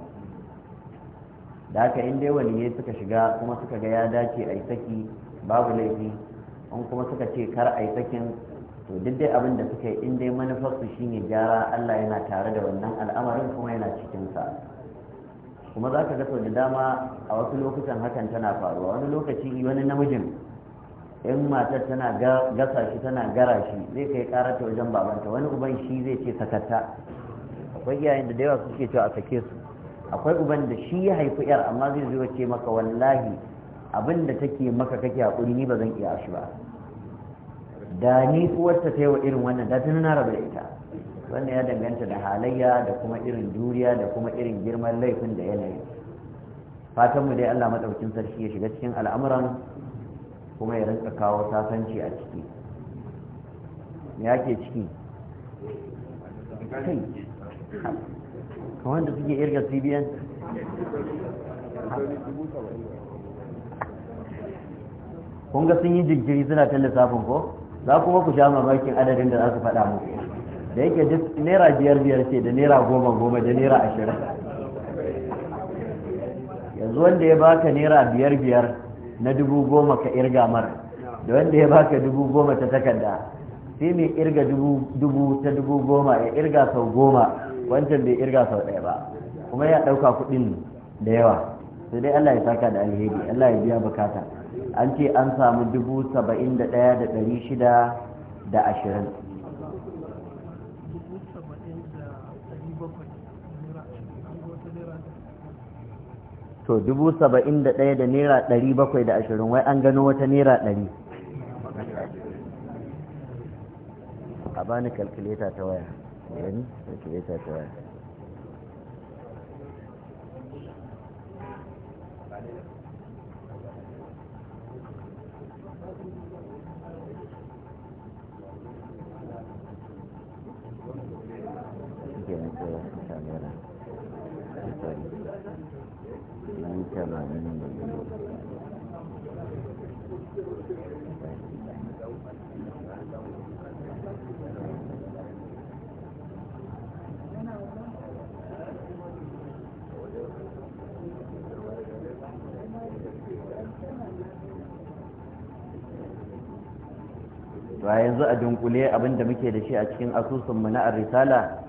da haka in dai ne suka shiga kuma suka ga ya dace a saki babu laifi in kuma suka ce kar a sakin to duk dai abin da suka yi in dai manufarsu ne gyara Allah yana tare da wannan al'amarin kuma yana cikinsa kuma za ka ga sau da dama a wasu lokutan hakan tana faruwa wani lokaci wani namijin in matar tana gasa shi tana gara shi zai kai karata wajen babanta wani uban shi zai ce sakatta akwai iyayen da da yawa suke cewa a sake su akwai uban da shi ya haifi yar amma zai zo ce maka wallahi abin da take maka kake hakuri ni ba zan iya shi ba da ni uwarta ta yi wa irin wannan da tun na rabu da ita wannan ya danganta da halayya da kuma irin juriya da kuma irin girman laifin da yanayi fatan mu dai Allah madaukin sarki ya shiga cikin al'amuran kuma ya rinka kawo sasanci a ciki me yake ciki kai wanda suke irga cbn kunga sun yi jinkiri suna ta lissafin ko za kuma ku sha mamakin adadin da za su faɗa mu da yake duk naira biyar biyar ce da naira goma goma da naira ashirin yanzu wanda ya baka naira biyar biyar na dubu goma ka irga mar da wanda ya baka dubu goma ta takarda sai mai irga dubu ta dubu goma ya irga sau goma wancan bai irga sau ɗaya ba kuma ya ɗauka kuɗin da yawa sai dai Allah ya saka da alheri Allah ya biya bukata an ce an samu dubu saba'in da ɗaya da ɗari shida da ashirin to dubu saba'in da ɗaya da naira ɗari bakwai da ashirin wai an gano wata naira ɗari a bani kalkuleta ta waya gani da ke ta ba yanzu a dunkule abin da muke da shi a cikin asusunmu na arisala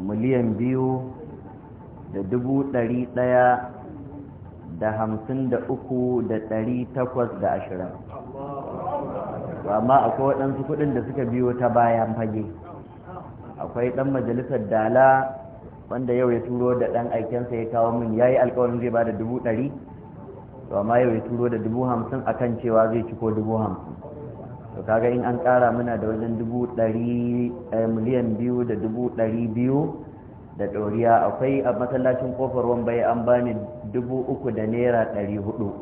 miliyan biyu da dubu ɗari ɗaya da hamsin da uku da ɗari takwas da ashirin amma akwai waɗansu kuɗin da suka biyo ta bayan fage akwai ɗan majalisar dala wanda yau ya turo da ɗan aikensa ya kawo min ya yi alkawarin zai ba da dubu ɗari amma yau ya turo da dubu hamsin a kan cewa zai ciko dubu hamsin to kaga in an ƙara muna da wajen dubu ɗari eh, miliyan biyu da dubu ɗari biyu da ɗoriya akwai a masallacin ƙofar wambaye an bani dubu uku da naira ɗari hudu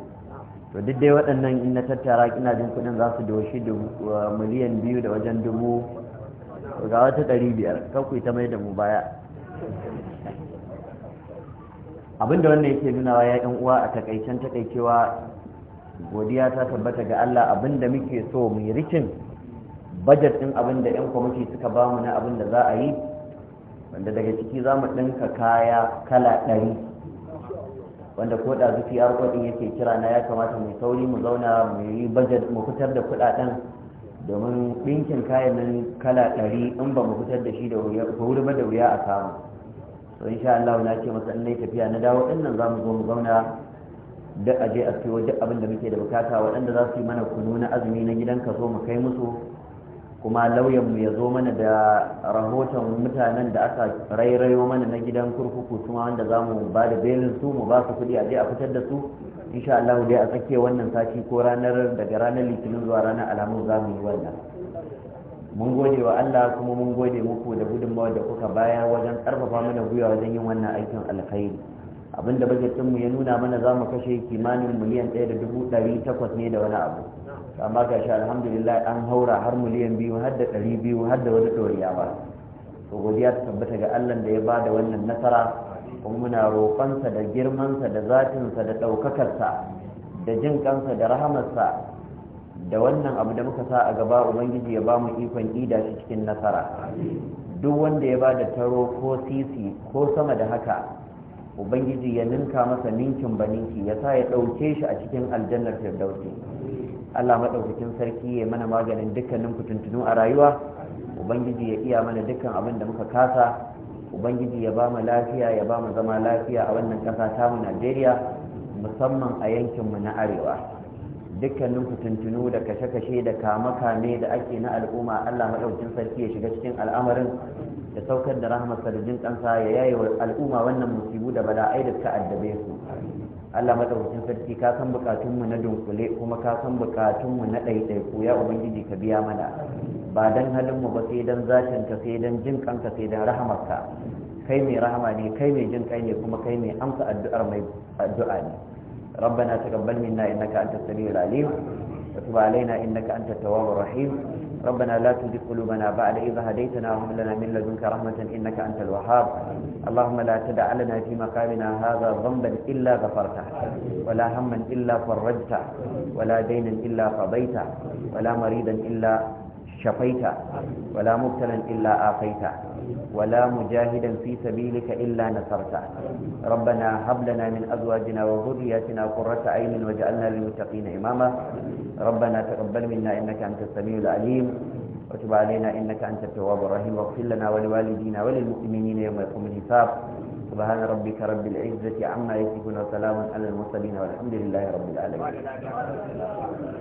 to duk dai waɗannan in na tattara kina jin kudin za su doshi eh, miliyan biyu da wajen dubu ga wata ɗari biyar kanku ta mai da mu baya abinda wannan yake nunawa ya yan uwa a takaicen takaicewa godiya ta tabbata ga Allah abinda muke so mu yi rikin budget din abinda yan kwamiti suka ba mu na abinda za a yi wanda daga ciki za mu ɗinka kaya kala ɗari wanda ko da zuci har kwaɗin yake kira na ya kamata mai sauri mu zauna mu yi budget mu fitar da kuɗaɗen domin ɗinkin kayan nan kala ɗari in ba mu fitar da shi da wuri ba da wuya a samu to insha Allah na ce masa in tafiya na dawo ɗin nan za mu zo mu zauna da a a siyo duk abin da muke da bukata waɗanda za su yi mana kunu na azumi na gidan ka zo mu kai musu kuma lauyanmu ya zo mana da rahoton mutanen da aka rairayo mana na gidan kurkuku su wanda za mu ba da belin su mu ba su kuɗi a je a fitar da su insha Allah dai a tsakiyar wannan sati ko ranar daga ranar litinin zuwa ranar alamun za mu yi wannan mun gode wa Allah kuma mun gode muku da gudunmawar da kuka bayar wajen ƙarfafa mana gwiwa wajen yin wannan aikin alkhairi abinda bajetin mu ya nuna mana zamu kashe kimanin miliyan ɗaya da dubu ɗari takwas ne da wani abu amma ga shi alhamdulillah an haura har miliyan biyu har da ɗari biyu har da wani ɗoriya ba to godiya ta tabbata ga allah da ya ba da wannan nasara kuma muna roƙonsa da girmansa da zatinsa da ɗaukakarsa da jin kansa da rahamarsa da wannan abu da muka sa a gaba ubangiji ya ba mu ikon ida shi cikin nasara duk wanda ya ba da taro ko sisi ko sama da haka ubangiji ya ninka masa ninkin baninki ya sa ya ɗauke shi a cikin aljannar firdausi allah maɗaukakin sarki ya mana maganin dukkanin kutuntunu a rayuwa ubangiji ya iya mana dukkan abin da muka kasa ubangiji ya ba mu lafiya ya ba mu zama lafiya a wannan ƙasa mu najeriya musamman a yankinmu na arewa dukkanin kutuntunu da kashe-kashe da kame-kame da ake na al'umma allah maɗaukin sarki ya shiga cikin al'amarin da saukar da rahmar jin kansa ya yaye wa al'umma wannan musibu da bala'ai da ka addabe su Allah madaukakin sarki ka san bukatun mu na dunkule kuma ka san bukatun mu na ɗaiɗaiku ya ubangiji ka biya mana ba dan halin mu ba sai dan zatin ka sai dan jin kanka sai dan rahamar kai mai rahama ne kai mai jin kai ne kuma kai mai amsa addu'ar mai addu'a ne ربنا تقبل منا انك انت السميع العليم وتب علينا انك انت التواب الرحيم ربنا لا تزغ قلوبنا بعد إذ هديتنا وهب لنا من لدنك رحمة إنك أنت الوهاب اللهم لا تدع لنا في مقامنا هذا ذنبا إلا غفرته ولا هما إلا فرجته ولا دينا إلا قضيته ولا مريضا إلا شفيته ولا مبتلا إلا آفيته ولا مجاهدا في سبيلك إلا نصرته ربنا هب لنا من أزواجنا وذرياتنا قرة عين واجعلنا للمتقين إماما ربنا تقبل منا إنك أنت السميع العليم وتب علينا إنك أنت التواب الرحيم واغفر لنا ولوالدينا وللمؤمنين يوم يقوم الحساب سبحان ربك رب العزة عما يصفون وسلام على المرسلين والحمد لله رب العالمين